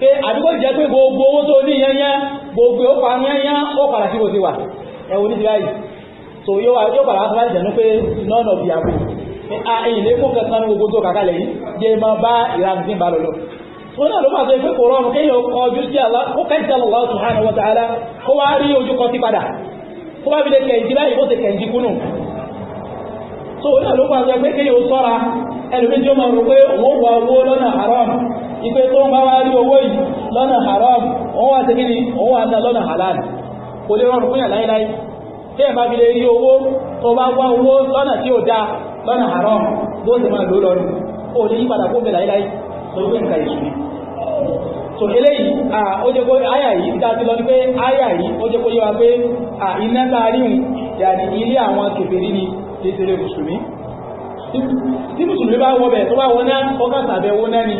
pé àdúgbò jẹ́ pé gbogbo owó tó ní yányá gbogbo ó pa yányá ó padà sí gbogbo wà ẹ̀wọ̀n ní ti báyìí so yóò yóò padà sọ láti jẹ̀nu pé none of the above a ah, èyìn lè kó kankan ní gbogbo tó kàkálẹ̀ yìí jẹ́ máa bá ìlànà tí ń bá lọ lọ náà ló máa sọ pé kò rọrùn kéèyàn kọ ojú sí àlá kó kẹ́ǹtì Allah subhanahu wa ta'ala kó wá rí ojú kan sí padà kó wá fi lè kẹ̀ǹtì báyìí kó so ní ló pàṣẹ pé kéèyàn sọ́ra ẹlòmí tí ó máa rò pé òun wà owó lọ́nà haram ipe tó ń bá wá rí owó yìí lọ́nà haram òun wà tẹ́kí ni òun wà halal kò lè rọrùn fún yà láíláí tí bá fi lè rí owó tó bá wá owó lọ́nà tí ó dá haram bó ti máa lò lè yí padà láíláí tó gbé nǹkan à ó jẹ́ kó áyà yìí lọ pé áyà yìí ó jẹ́ kó wa pé à iná a ni kìí ṣeré mùsùlùmí tí mùsùlùmí bá wọ bẹ̀ tó bá wọná ọkà sàbẹ̀wò náà ni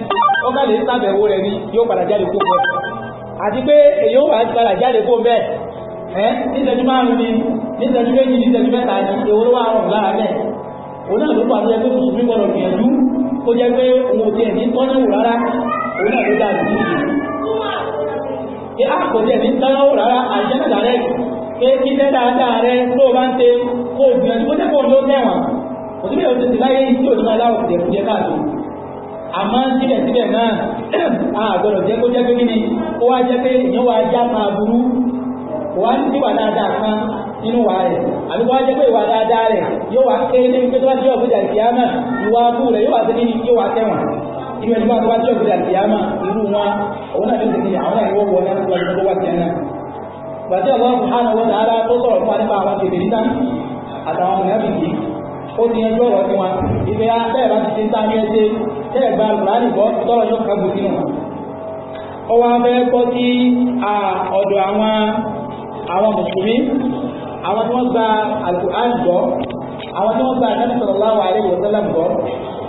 ọkà lè sàbẹ̀wò rẹ̀ ni yóò padà jáde kó bẹ̀ àti pé èyí ó padà jáde kó bẹ̀ ẹ́ nítorí márùn ni nítorí méjì nítorí mẹ́ta ni èwo wà rùn lára mẹ́ òun náà ló pàṣẹ pé mùsùlùmí gbọdọ̀ gbìyànjú kó jẹ́ pé òun ò tiẹ̀ ní tọ́jú rárá òun náà ló dáa ní ìlú. ẹ á kò tiẹ̀ ní tọ́jú rárá àjẹ́ pé kí dáadáa rẹ tó bá ń ṣe kó gbìyànjú kó tẹ́kọ̀ọ́ ló tẹ̀wọ̀n kò sí bí o ti ti láyé tí o ti máa láwọ̀ kùdìẹ̀kùdìẹ̀ káàkiri àmọ́ síbẹ̀síbẹ̀ náà àgbọ̀dọ̀ jẹ́ kó jẹ́ pé kí ni ó wá jẹ́ pé èèyàn wá já máa burú wá níwà dáadáa kan nínú wa rẹ̀ àbí wá jẹ́ pé ìwà dáadáa rẹ̀ yóò wá kéré débi pé tó bá jẹ́ ọ̀gbẹ́jà ìkìyàmà ìwà kú rẹ̀ yóò wá sí ní yóò wá tẹ̀wọ̀n irú ẹni bá tó bá jẹ́ ọ̀gbẹ́jà ìkìyàmà irú wọn òun náà ló ti kiri àwọn náà ni wọ́n wọ náà tó wá sí náà gbàtí Allah subhanahu wa ta'ala tó sọ̀rọ̀ fún wa nípa àwọn tètè níta àtàwọn ọmọ ẹ̀bì yìí ó ti yanjú ọ̀rọ̀ sí wọn ìfẹ́ bẹ́ẹ̀ bá ti ṣe ń ta ní ẹsẹ̀ tẹ́ẹ̀ gba Kùránì gbọ́ tọ́rọ̀ yóò kẹ́gbù sínú wọn. ó wá fẹ́ kọ́ sí ọ̀dọ̀ àwọn àwọn mùsùlùmí àwọn tí wọ́n gba Kùránì gbọ́ àwọn tí wọ́n gba Ànábì sallallahu alaihi wa sallam gbọ́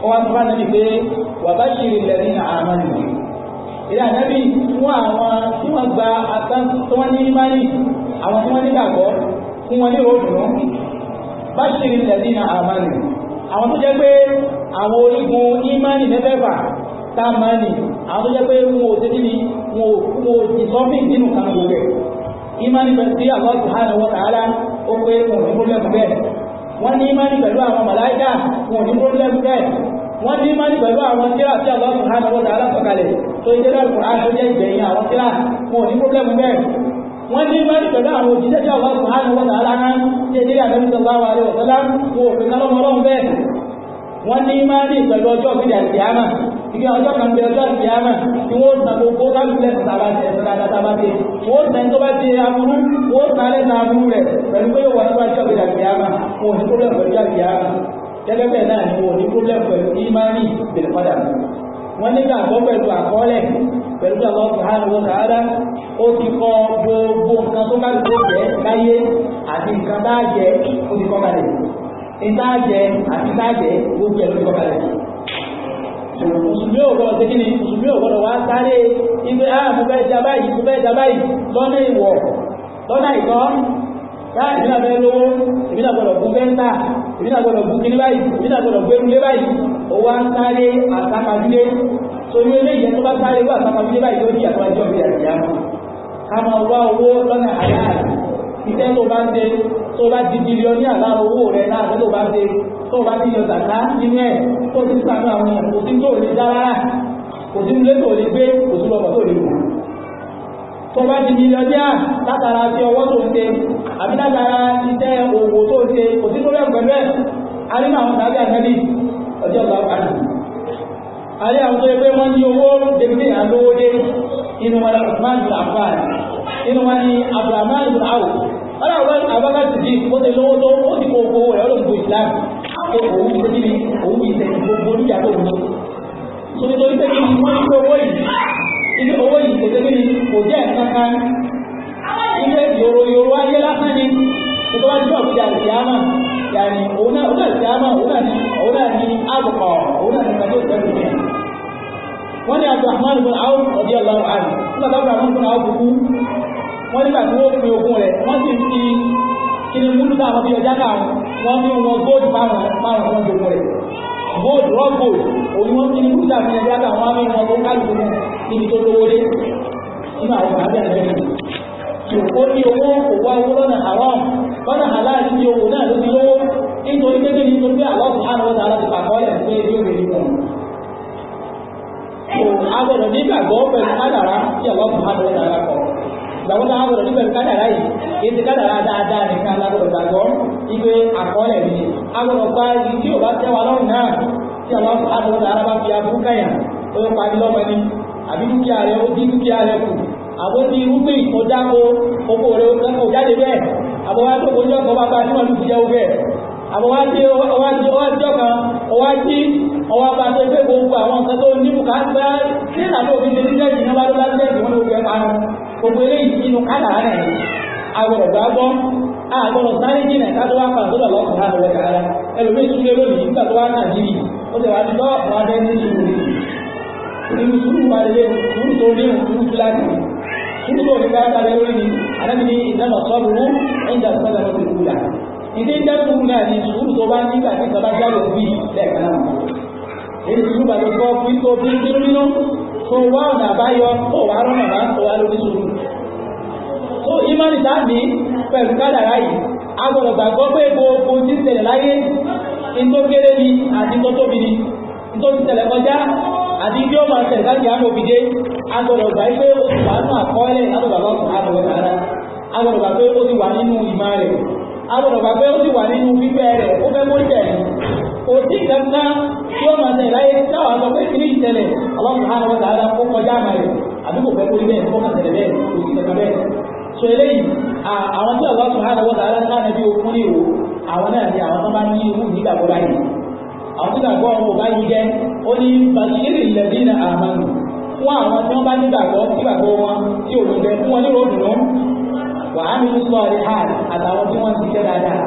ó wá fún wa náà ilé ànábì fún àwọn tí wọ́n gba atán tí wọ́n ní ìmánì àwọn tí wọ́n ní gbàgbọ́ fún wọn ní òdùnú bá ṣe ní ilẹ̀ nínú àmánì àwọn tó jẹ́ pé àwọn orígun ìmánì mẹ́fẹ̀ẹ̀fà tá a máa nì àwọn tó jẹ́ pé wọn ò tẹ́lẹ̀ ní wọn ò ti sọ́fìn nínú kan gbogbo rẹ̀ ìmánì pẹ̀lú tí àwọn sùhánà wọ́n tààrà ó pé wọn ò ní pọ́lẹ́mù bẹ́ẹ̀ wọ́n ní ìmánì pẹ̀lú àwọn màláìkà wọn ò ní pọ́lẹ́mù bẹ́ẹ̀ wọ́n ní mọ́ni pẹ̀lú àwọn tíra tí Allah subhanahu wa ta'ala sọ̀kalẹ̀ tó ń jẹ́rọ Al-Qur'an tó jẹ́ ìgbẹ̀yìn àwọn tíra wọn ò ní pọ́blẹ́mù bẹ́ẹ̀ wọ́n ní mọ́ni pẹ̀lú àwọn òjíṣẹ́ tí Allah subhanahu wa ta'ala rán tí èdè àbẹ́mí sallallahu alaihi wa sallam wọn ò fi kálọ́ mọ́lọ́mù bẹ́ẹ̀ wọ́n ní mọ́ni pẹ̀lú ọjọ́ gbígbà ìyámà ìgbà ọjọ́ kan bí ọjọ́ ìyámà tí wọ́n san gbogbo kábílẹ̀ tàbá tẹ̀ tàbá tàbá tẹ̀ wọ́n san tó bá ti aburú wọ́n san lẹ́sàn aburú rẹ̀ pẹ̀lú pé wọ́n ti wá ọjọ́ ìyámà wọ́n ti kó lẹ́sàn ọjọ́ ìyámà gẹ́gẹ́ bẹ́ẹ̀ náà ni wọ́n ní problem pẹ̀lú imani bil qadar wọ́n nígbàgbọ́ pẹ̀lú àkọọ́lẹ̀ pẹ̀lú Allah subhanahu wa ta'ala ó ti kọ gbogbo nǹkan tó bá lè jẹ́ láyé àti nǹkan bá jẹ́ ó ti kọ́ balẹ̀ ìta jẹ́ àti ìta jẹ́ gbogbo ẹ̀ ló ti kọ́ balẹ̀ mùsùlùmí ò gbọ́dọ̀ sí kíni mùsùlùmí ò gbọ́dọ̀ wá sáré ibi ah mo fẹ́ da báyìí mo fẹ́ da lọ́nà ìwọ̀ lọ́nà ìtọ́ yá ìbílẹ̀ abẹ́rẹ́ lówó ìbílẹ̀ gbọ́dọ̀ gún bẹ́ńtà ìbílẹ̀ gbọ́dọ̀ gún kiri báyìí ìbílẹ̀ gbọ́dọ̀ gbẹ́rúlé báyìí ó wá ń sáré àtàkàdúlé torí eléyìí tó bá sáré wá àtàkàdúlé báyìí lórí àtàkàdúlé ọ̀gbìn àríyá ká máa wá owó lọ́nà àyà ìtẹ́ tó bá ń ṣe tó bá di bílíọ̀nì àlára owó rẹ̀ láàrín tó bá ṣe tó bá ti yọ zàká nínú ẹ̀ tó kò sí tó lè dá rárá gbé kò sí lọ́mọ tó lè gbà tó bá ti di ọjà látara ti ọwọ́ tó ń ṣe àbí látara iṣẹ́ òwò tó ń ṣe kò sí lórí ẹ̀gbẹ́ bẹ́ẹ̀ a rí àwọn tàbí àtẹ́bí ọjọ́ ọ̀gá padà a rí àwọn tó yẹ pé wọ́n ní owó dèbìtì àlówó dé inú wọn Usman bin Affan inú wọn ni Abdulrahman bin Awf ọ̀rọ̀ àwọn àbábá ti di ó ti lówó tó ó ti kó owó rẹ̀ ọlọ́run tó Islam àpò òun tó níbi òun ìṣẹ̀lẹ̀ gbogbo níjà tó wù. sọ ilé owó yìí kò débi ni kò jẹ́ kankan ilé yòrò yòrò ayé lásán ni tó bá jọ bí àlùkìyàmà ni, òun náà òun náà àlùkìyàmà òun náà ni òun náà ni àbùkọ òun náà ní kàdé òkèlè yẹn. wọ́n ní abdulrahman bin awo ọ̀dí ọlọ́run àlù nígbà tó abdulrahman bin awo kúkú wọ́n nígbà tí wọ́n fi ogun rẹ̀ wọ́n sì fi kíni múlù táwọn fi ọjà káwọn wọ́n fi wọn góòdù márùn-ún márùn-ún wọn jòkó rẹ̀ góòlù rọ́gbò òun wọn ti ní kúta fi ẹgbẹ́ àtàwọn amí wọn tó kálù wọn níbi tó lówó dé nínú àwọn bàbá ẹgbẹ́ rẹ̀ tó ó ní owó òwò owó lọ́nà haram lọ́nà halal ní owó náà ló ti lówó nítorí pé kíni nítorí pé àwọn ọ̀sán àwọn ọ̀sán ti pàkọ́ ẹ̀ pé ebi òwe ni wọn. kò agbọ̀dọ̀ nígbàgbọ́ pẹ̀lú kádàrá tí àwọn ọ̀sán àwọn ọ̀sán kọ̀ ìgbàgbọ́ náà gbọ́dọ̀ nígbà kádàrá yìí kì í ti kádàrá dáadáa nìkan lágbọ́dọ̀ gbàgbọ́ ipe àkọọ́lẹ̀ mi agbọ́dọ̀ gba ibi tí ò bá tẹ́ wa lọ́rùn náà tí àwọn àtọ́wọ́ta ara bá fi aburú káyà ó ń parí lọ́mọ ni àbí dúkìá rẹ ó dí dúkìá rẹ kù àbó ti irúgbìn tó dáko oko rẹ ó jáde bẹ́ẹ̀ àbọ̀wá tó kojú ọkọ̀ bá bá àmọ́ wá dé ọwá dé ọwá dé ọkàn ọwá dé ọwá bá tó pé gbogbo àwọn nǹkan tó ní bùkátà tí ìlànà òfin ṣe nílẹ̀ yìí náà bá ló láti lẹ́yìn wọn ló fẹ́ parun gbogbo eléyìí nínú kádàá rẹ̀ agbọ̀dọ̀ gbà gbọ́ agbọ̀dọ̀ sáré jìnà ká tó wá pa àtọ́dọ̀ lọ́kùnrin àti ọ̀rẹ́ kára ẹlòmíín tún lé lónìí nígbà tó wá nàìjírí ó ti wá ti lọ́ àwọn abẹ́ ní sùúrù nínú sùúrù bá lè sùúrù tó ní sùúrù fúláàtì sùúrù tó ní bá dá lé lórí ni àdámi ní ìdáná sọ́ọ̀bù ní ẹ̀ńdà sọ́ọ̀bù ní ìlú ìdí dẹ́kun náà ni sùúrù tó bá nígbà tí ìjọba jáde òbí lẹ́ẹ̀kan náà èyí sùúrù bàtí kọ́ fún ikọ̀ bínú bínú nínú tó wá ọ̀nà àbáyọ tó wá rọ́nà bá ń tó wá lórí sùúrù tó ìmọ̀nì sáàmì pẹ̀lú kádàrá yìí a gbọ́dọ̀ gbàgbọ́ pé gbogbo ti tẹ̀lé láyé ìtó kéré ni àti tó ni ìtó ti kọjá àti bí ó máa tẹ̀lé láti àmọ́ a gbọ́dọ̀ gbà pé ó ti wà nínú àkọọ́lẹ̀ látọ̀gbà lọ́sùn àtọ̀gbà rárá a gbọ́dọ̀ gbà pé ó ti wà nínú ìmọ̀ rẹ̀ àwọn ọ̀gbà pé ó sì wà nínú gbígbẹ́ rẹ̀ ó fẹ́ mú ìtẹ̀lẹ̀ kò sí ìtẹ̀ká tí ó máa tẹ̀ láyé táwọn àgbà pé kí ní ìtẹ̀lẹ̀ Allah subhanahu wa ta'ala ó kọjá àmà rẹ̀ àbí kò fẹ́ kó ibẹ̀ ó kà tẹ̀lẹ̀ bẹ́ẹ̀ kò sí ìtẹ̀ká bẹ́ẹ̀ so eléyìí àwọn tí Allah subhanahu wa ta'ala káàdé bí okun ní ìwò àwọn náà ni àwọn tó bá ní irú nígbàgbọ́ báyìí àwọn tó gbàgbọ́ ọmọ báyìí jẹ́ ó ní bàṣírí ìlẹ̀dí àmàlù fún àwọn tí wọ́n bá nígbàgbọ́ nígbàgbọ́ wọn tí òun jẹ fún wọn ní ròdùnú wà á ní sọ àrí hàn àtàwọn tí wọ́n ti ṣe dáadáa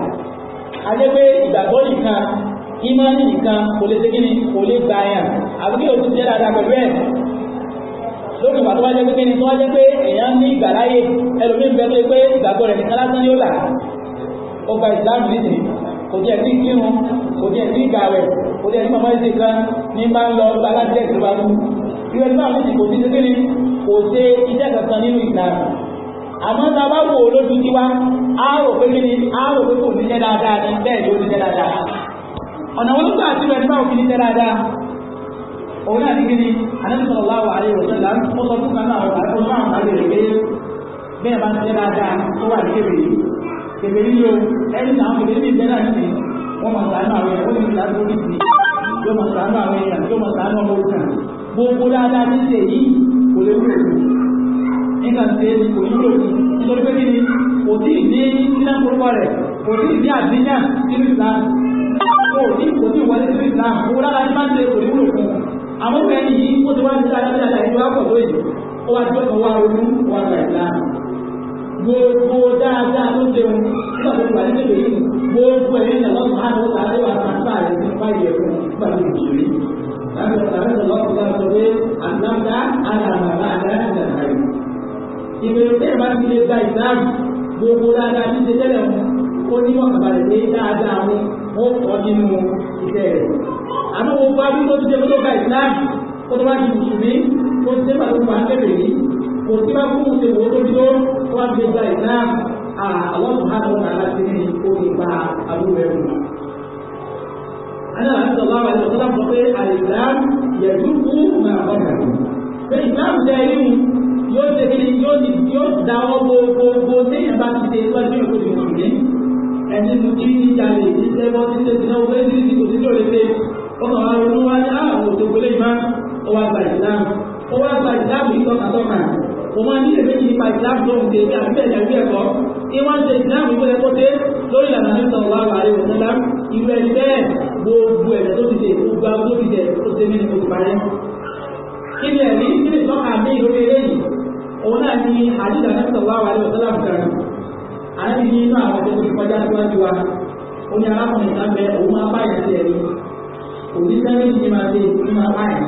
a jẹ́ pé ìgbàgbọ́ nìkan ìmánì nìkan kò lè ṣe kíni kò lè gba ẹ̀yàn àbí kí o ti ṣe dáadáa pẹ̀lú ẹ̀ lókè pàtó wá jẹ́ pé kíni tó wá jẹ́ pé èèyàn ní ìgbàláyè ẹlòmíín bẹ́ẹ̀ tó pé ìgbàgbọ́ rẹ̀ nìkan lásán ni ó là ó gba ìsìlámù nìsín kò tiẹ̀ sí kírun kò tiẹ̀ sí ìgbàwẹ̀ kò tiẹ̀ sí mọ̀mọ́ ìsìn kan ní máa ń lọ gba aláṣẹ ìṣèlú wa mú kò àmọ́ tá a bá wò ó lójú tiwa á rò pé kí ni á rò pé kò níṣẹ́ dáadáa ni bẹ́ẹ̀ ló níṣẹ́ dáadáa ọ̀nà wọn gbà tí wọ́n ti báwọn fi níṣẹ́ dáadáa òun náà ní kí ni Ànábì sallallahu alaihi wasallam ó sọ fún kanáà ọ̀rọ̀ àti ọ̀rọ̀ àwọn àgbèrè pé bẹ́ẹ̀ bá ń ṣe dáadáa tó wà ní kébèrè kébèrè yóò ẹni àwọn kébèrè bíi bẹ́ẹ̀ náà ní wọ́n mọ̀ sàánú àwọn ẹ̀kọ́ ní ìlànà orí ti yóò mọ̀ sàánú àwọn ẹ̀yà yóò mọ̀ sàánú ọmọ òkà gbogbo dáadáa ti ṣe yìí kò lè wúlò nígbà tí kò yúlò nítorí pé kí ni kò tí ì ní iná gbogbo rẹ̀ kò tí ì ní àdínyàn nínú ìlànà kò tí kò tí ì wọlé nínú ìlànà owó lára ní máa ń ṣe kò ní wúlò fún un àmọ́ bẹ́ẹ̀ ni yìí ó ti wá ní sára ní àtàkì wá pọ̀ lóyè ó wá jọ́ kan wá ronú wá gba ìlànà gbogbo dáadáa tó ṣe wọn nígbà tó wà nílé yìí gbogbo ẹ̀yìn ìyàwó máa ń lọ sáré wà sáńtà rẹ̀ ní báyìí ẹ̀kọ́ nígbà tó ń ṣe rí. láti ọ̀sán lọ́kùnrin àti ọ̀sán pé àgbàdá àgbàdá àgbàdá àgbàdá ìbẹ̀rù pé ìbá ti lè gba ìsáàmù gbogbo dáadáa ti ṣe tẹ́lẹ̀ wọn ó ní mọ̀kàbàlẹ̀ pé dáadáa wọn ó kọ́ nínú iṣẹ́ rẹ̀ àmọ́ gbogbo abí tó ti ṣe tó gba ìsáàmù ó tó bá ti mùsùlùmí ó ti sẹ́pà tó pa bẹ̀rẹ̀ yìí kò sí bá kú ṣe wò ó tó tó wá ti gba ìsáàmù àwọn mùhàmù àlá ti ní ó ti gba àbúrò ẹ̀rù أنا عبد الله عليه وسلم فقير الإسلام يجب ما قبله فالإسلام yóò ṣe kí ni yóò ní yóò dáwọ́ gbogbogbò téèyàn bá ti ṣe ìwádìí yóò kó lè wọ̀ ní. ẹni nu kí ní jalè ní sẹ́wọ́n ti ṣe ìdíná owó ẹni ní kò sí lóore pé ó kàn wá ronú wá ní ah, àwọn òṣèpele ìmá ó wá gba ìsìlámù ó wá gba ìsìlámù yìí tọkàtọkà kò máa ní èmi nípa ìsìlámù tó ń ṣe bí àbí ẹ̀yà ìwé ẹ̀kọ́ ìwọ́n ṣe ìsìlámù ìwé ẹ̀kọ́ tẹ lórí ìlànà ní sọ̀rọ̀ wá wàhálẹ̀ òṣèlá ìwé ẹni bẹ́ẹ̀ gbogbo ẹ̀jẹ̀ tó ti ṣe gbogbo agbó ti ṣe ó ṣe mí ní kò ti parẹ́ kí ni ẹ̀rí kí ni ìtọ́ka mi lórí eléyìí òun náà ní àdìdà náà sọ̀rọ̀ wà lọ́wọ́ sọ́lá bùkàrà àti ní inú àwọn tó ti kọjá síwájú wa ó ní arákùnrin kan bẹ òun máa bá yẹn sílẹ̀ ni òbí sẹ́yìn ní máa ṣe ní máa bá yẹn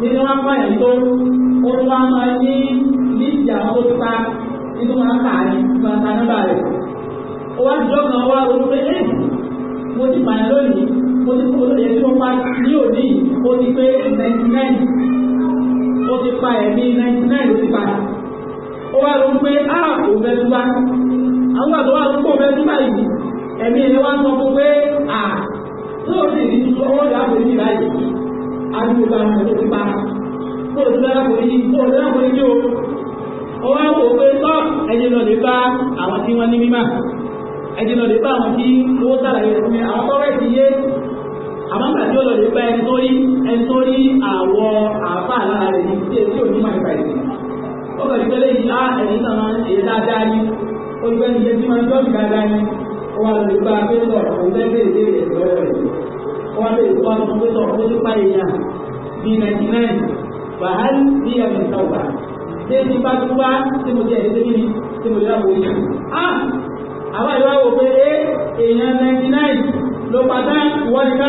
nínú wọn bá yẹn tó ó tún wá máa ní ní ìjà àwọn tó ta nínú wọn kà á ní máa ta nọ́mbà rẹ̀ ó wá jọ́ kan wá ronú pé ẹ́ mo ti pààyàn lónìí mo ti kúrò lónìí tí mo pa ní òní ó ti pé ninety ó ti pa ẹ̀mí ninety nine ló ti pa ó wá ló ń pé á ah, kò fẹ́ túbá àwọn àtọ́wà tó kò fẹ́ túbá yìí ẹ̀mí ẹni wá ń sọ fún pé à ah, tó o sì rí tuntun ọwọ́ ìyá àpò yìí báyìí àdúgbò bá wọn ló ti pa kó o túbá lápò yìí kó o túbá lápò yìí o ó wá wò pé tọ́ ẹ̀jẹ̀ lọ lè bá àwọn tí wọ́n ní mímà ẹ̀jẹ̀ lọ lè bá àwọn tí owó sàlàyé fún mi àwọn tọ́rẹ́ ti yé àmọ́ nígbà tí ó lọ lè gba ẹni tó rí ẹni tó rí àwọ̀ àbá lára rẹ̀ ní tí èsì òní máa ń pàdé ó kàn ní pẹ́lẹ́ yìí á ah, ẹ̀yìn náà máa ń ṣe dáadáa ní olùgbẹ́ ní yẹn tí máa ń jọ́ dáadáa ní ó wà lórí gba pẹ́sọ̀ òun fẹ́ bèrè bèrè lọ́wọ́ rẹ̀ ó wà lórí gba pẹ́sọ̀ ó ti pa èèyàn bí ninety nine bàhálì bí ẹ̀mí sọ̀gbà ṣé ti bá tí mo jẹ́ ẹ̀ṣẹ́ mi tí mo yá wòye ah àwọn ìwà wò pé eh, èèyàn ninety nine ló pàtàkì wọ́n ká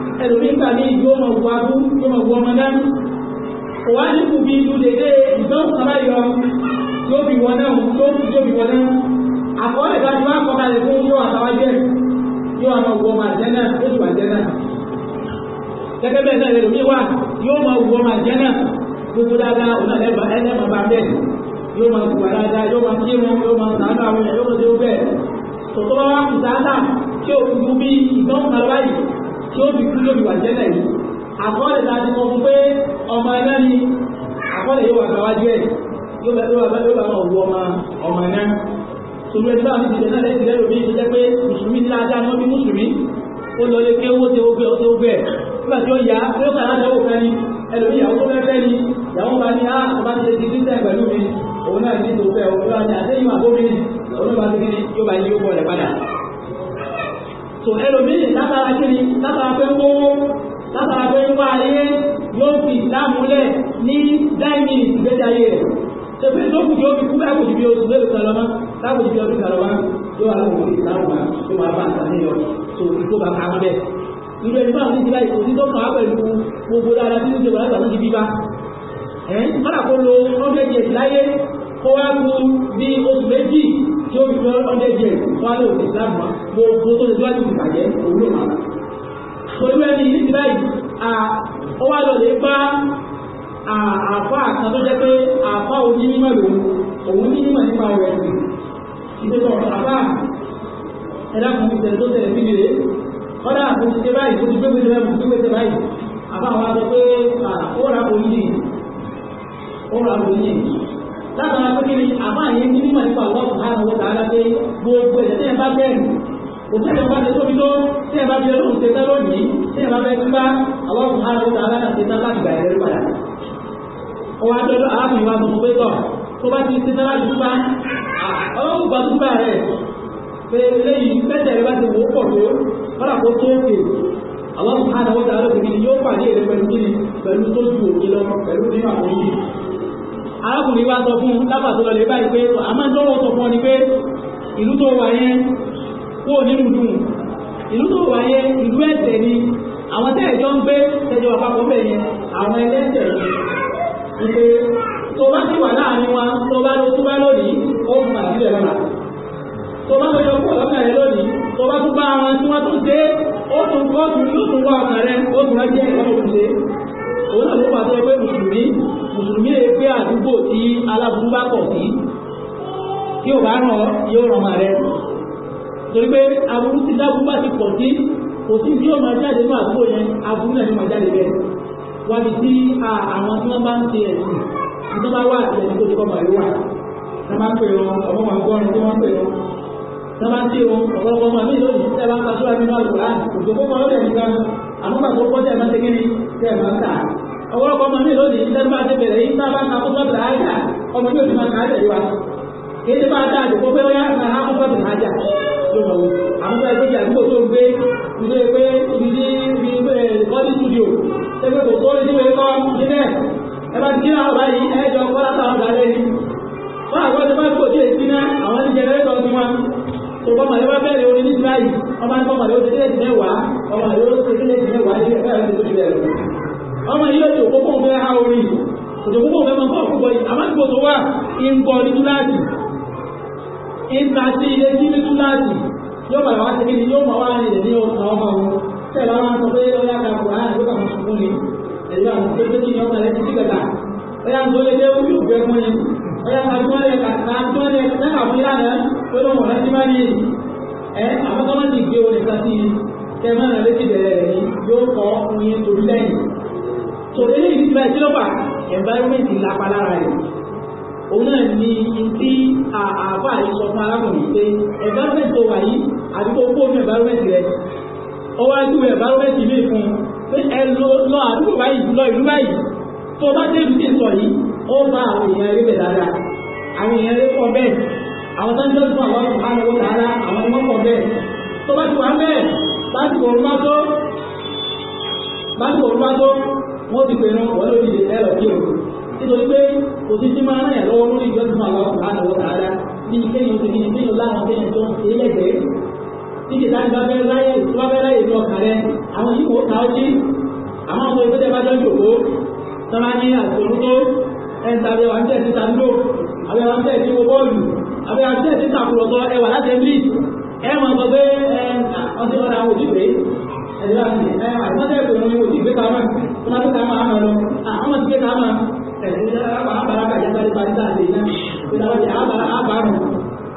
ẹlòmí gbà ní yóò mọ̀ wá bú yóò mọ̀ wú ọmọ dání kò wá ní kù bí inú dédé ìgbọ́n sábà yọ yóò fi wọ́n náà tó yóò fi wọ́n náà àkọọ́lẹ̀ dájú wá kọ́ kalẹ̀ fún yóò àtàwájẹ́ yóò àmọ̀ wú ọmọ àjẹ́ náà yóò tù àjẹ́ náà gẹ́gẹ́ bẹ́ẹ̀ náà ẹlòmí wà yóò mọ̀ wú ọmọ àjẹ́ náà gbogbo dáadáa òun náà ẹ̀bà ẹ̀ẹ́dẹ́gbà bá bẹ́ẹ̀ yóò máa gbùgbà dáadáa yóò máa kírun yóò máa sàádà àwọn èèyàn yóò máa dé ó bẹ́ẹ̀ tòtọ́ bá wà kùtà tí ó fi kú lórí wà jẹ́lẹ̀ yìí àkọọ́lẹ̀ láti mọ̀ fún pé ọmọ ẹ̀nà ni àkọọ́lẹ̀ yóò wà gbáwájú ẹ̀ yóò bẹ̀rẹ̀ wà bẹ̀rẹ̀ wà wọ ọmọ ọmọ ẹ̀nà sọ̀rọ̀ ẹ̀dí bá mi ti dẹ̀nà lẹ́sìn lẹ́rù mi tó jẹ́ pé mùsùlùmí ní ajá mọ́ bí mùsùlùmí ó lọ lé kéwó tí ó gbé ó tó gbé ẹ̀ nígbà tí ó yá ó kà láti ọwọ́ kan ni ẹlòmí ìyàwó tó fẹ́ fẹ́ ni ìyàwó bá ní á ah, bá ti di kírísítẹ̀ pẹ̀lú mi òun náà ní tó fẹ́ òun náà ní àtẹ́yìn àbómi òun náà bá ti kiri yóò bá yí ó bọ̀ rẹ̀ padà tò ẹlòmíì látara kiri látara pé ń gbówó látara pé ń wá ayé yóò fi ìdáàmúlẹ̀ ní dáìmì ìgbésí ayé rẹ̀ ṣèpé lókùn yóò fi kúbẹ́ àkùjù bí oṣù mélòó kan lọ́mọ lákùjù bí ọdún kan lọ́mọ yóò wà láwùjọ ìdáàmú tó máa bá àtàlẹ́ yọ tó ìkó bá ká bẹ́ẹ̀. irú ẹni báwọn ti ti báyìí kò sí tó kàn á pẹ̀lú gbogbo dáadáa tí ó ti wà látàlẹ́ ti bí bá. ẹ̀ ń kó wá kú ní oṣù méjì tí ó fi fẹ́ ọ́dẹ́ díẹ̀ wá ní òkè islam wa mo mo tó lè tó ìbàjẹ́ òun ló máa. pẹ̀lú ẹni ní ti báyìí ó wá lọ lè bá àfa àkan tó jẹ́ pé àfa òní mímọ́ lòun òun ní mímọ́ nípa ọ̀rọ̀ ẹ̀sìn ìdẹ́tọ̀ àfa ẹ̀dàkùn ìṣẹ̀lẹ̀ tó tẹ̀lé sí ìrè kọ́dà kò ti ṣe báyìí kò ti gbégbé ṣe báyìí kò ti gbégbé ṣe báyìí àbá àwọn àjọ pé ó rà kò yìí ó rà kò yìí látara pé kí ni àbá yẹn ní nímọ̀ nípa àwọn ọ̀hún àwọn ọ̀hún tààrà pé gbogbo ẹ̀jẹ̀ tẹ́ ẹ bá bẹ̀rù òfin ìjọba ti tóbi tó tẹ́ ẹ bá fi lóhùn ṣe tẹ́ lónìí tẹ́ ẹ bá fẹ́ gbígbá àwọn ọ̀hún àwọn ọ̀hún tààrà ṣe tán láti gbà ẹ̀rẹ́ padà. ọwọ́ adọ́dọ́ arákùnrin wa tuntun pé tọ̀ tó bá ti ṣe tán láti gbígbá ọlọ́run gbà gbígbá rẹ̀ pé eléyìí pẹ́tẹ̀ rẹ̀ bá ti wò ó pọ̀ tó arákùnrin wá sọ fún lápàtó lọ lè báyìí pé àmọ́ ìjọba sọ fún ọ ni pé ìlú tó wà yẹn kó nínú dùn ìlú tó wà yẹn ìlú ẹ̀ṣẹ̀ ni àwọn tẹ́ ẹ̀jọ́ ń gbé tẹ́jọ́ àpapọ̀ bẹ̀ yẹn àwọn ẹlẹ́ṣẹ̀ ni pé tó bá ti wà láàrin wa tó bá lọ tó bá lónìí ó fún àtìlẹ̀ lọ́la tó bá lọ́jọ́ kó lọ́kà rẹ lónìí tó bá tún bá wọn tí wọ́n tún dé ó tún kọ́ òun náà ló wà tó ẹgbẹ́ mùsùlùmí mùsùlùmí lè gbé àdúgbò tí aláburú bá pọ̀ sí tí ò bá ràn yóò ràn máa rẹ torí pé aburú ti dábú bá ti pọ̀ sí kò sí tí ó máa jáde ní àdúgbò yẹn aburú náà ni máa jáde bẹ́ẹ̀ wábi tí àwọn tí wọ́n bá ń ṣe ẹ̀sìn tí wọ́n bá wà àti ẹ̀sìn tó ti kọ́ màlúwà tí máa ń pè wọn ọmọ màgbọ́n tí wọ́n pè wọn tó bá ń tí o ọ̀pọ̀lọpọ̀ ọmọ mi lónìí tẹ́ bá ń pa sóra nínú àlùkò láti òjò fún ọmọ rẹ̀ nìkan àmúgbà tó kọ́ tẹ́ máa ṣe kíni tẹ́ máa ń tà ọ̀pọ̀lọpọ̀ ọmọ mi lónìí tẹ́ bá ti bẹ̀rẹ̀ yìí bá ń ta fún sọ́ọ̀tì àájà ọmọ mi ò ti máa kà á tẹ̀lé wa kì í ti máa dá àdìpọ̀ pé ó yá ta á fún sọ́ọ̀tì àájà lọ́wọ́ àwọn tó ẹgbẹ́ àdúgbò tó ń gbé ilé pé ibi tí ibi bọ́dí eh, studio ẹgbẹ́ kò tó lé níwèé kọ́ níbẹ̀ ẹ bá ti kí náà ọ̀bá yìí ẹ jọ kọ́ látàwọn ọ̀gá lẹ́yìn wọ́n àgbọ̀dọ̀ bá kò tí ì sí náà tó bọ́mà yóò bá bẹ̀rẹ̀ orin ní báyìí ọmọ ní bọ́mà yóò tẹ́lẹ̀ mẹ́wàá ọmọ yóò tẹ́lẹ̀ mẹ́wàá ní ẹ̀ka ẹ̀ka tó bẹ̀rẹ̀ ọmọ yóò tó kókó fẹ́ ha orin òjò kókó fẹ́ mọ́ fún ọkọ̀ yìí àmọ́ nígbò tó wà ń bọ̀ ní túláàtì ń ta sí ilé sí ní túláàtì yóò bàbá wá sí yóò mọ̀ wá ní ìdí ọmọ ọmọ wọn tẹ̀lé wọn sọ pé ọyá kan kò hàn ló kàn fún mi èyí àwọn tó tó kí ni ọmọ rẹ ti ti kẹta ọyá ń tó lé dé orí òkú ẹ̀kọ́ yẹn ọyá kan tó lé kàtà tó lé mẹ́ta fún yára pé ló mọ̀ láti máa yìí ẹ àbúkọ́ máa ti gbé o nìkan sí i kẹ máa rẹ̀ létí bẹ̀rẹ̀ rẹ̀ yìí yóò kọ́ fún yín torí lẹ́yìn tó lé léyìí ti báyìí kí ló fà environment lápá lára rẹ̀ òun náà ni tí àbá yìí sọ fún arákùnrin pé environment tó wà yìí àdúgbò kó omi environment rẹ̀ ọwọ́ ẹjú environment ilé fún pé ẹ lọ àdúgbò báyìí lọ ìlú báyìí tó bá dé ibi tí ń sọ yìí ó bá àwọn èèyàn eré bẹ̀ dáadáa àwọn àwọn tó ń jẹ́ fún àwọn ọ̀hánà owó tààrà àwọn ọmọ pọ̀ bẹ́ẹ̀ tó bá ti wà bẹ́ẹ̀ lásìkò òun bá tó lásìkò òun bá tó wọ́n ti pèrò wọ́n ló dìde ẹ̀rọ kí o nítorí pé kò sí sí máa ń rìn lọ́wọ́ lórí ìjọ́sìn fún àwọn ọ̀hánà owó tààrà ní kéyìn ti ní kéyìn láwọn kéyìn tó ń ṣe lẹ́gbẹ̀ẹ́ títí táyì bá fẹ́ láyè tó bá fẹ́ láyè lọ kàrẹ́ àwọn yìí kò àbẹ àti ẹ̀sìn ìtàkùrọ̀sọ ẹwà láti ẹ̀mílì ẹ máa sọ pé ọtí lọ́dà àwọn òjì pé ẹ̀dá sí ẹ àìmọ́tẹ́ ẹ̀kọ́ ni òjì pé ká máa tó máa tó ká máa máa lọ àwọn ti pé ká máa ẹ̀sìn àbára kàjá parí parí sáà lè náà ìdáwọ́ ti àbára àbára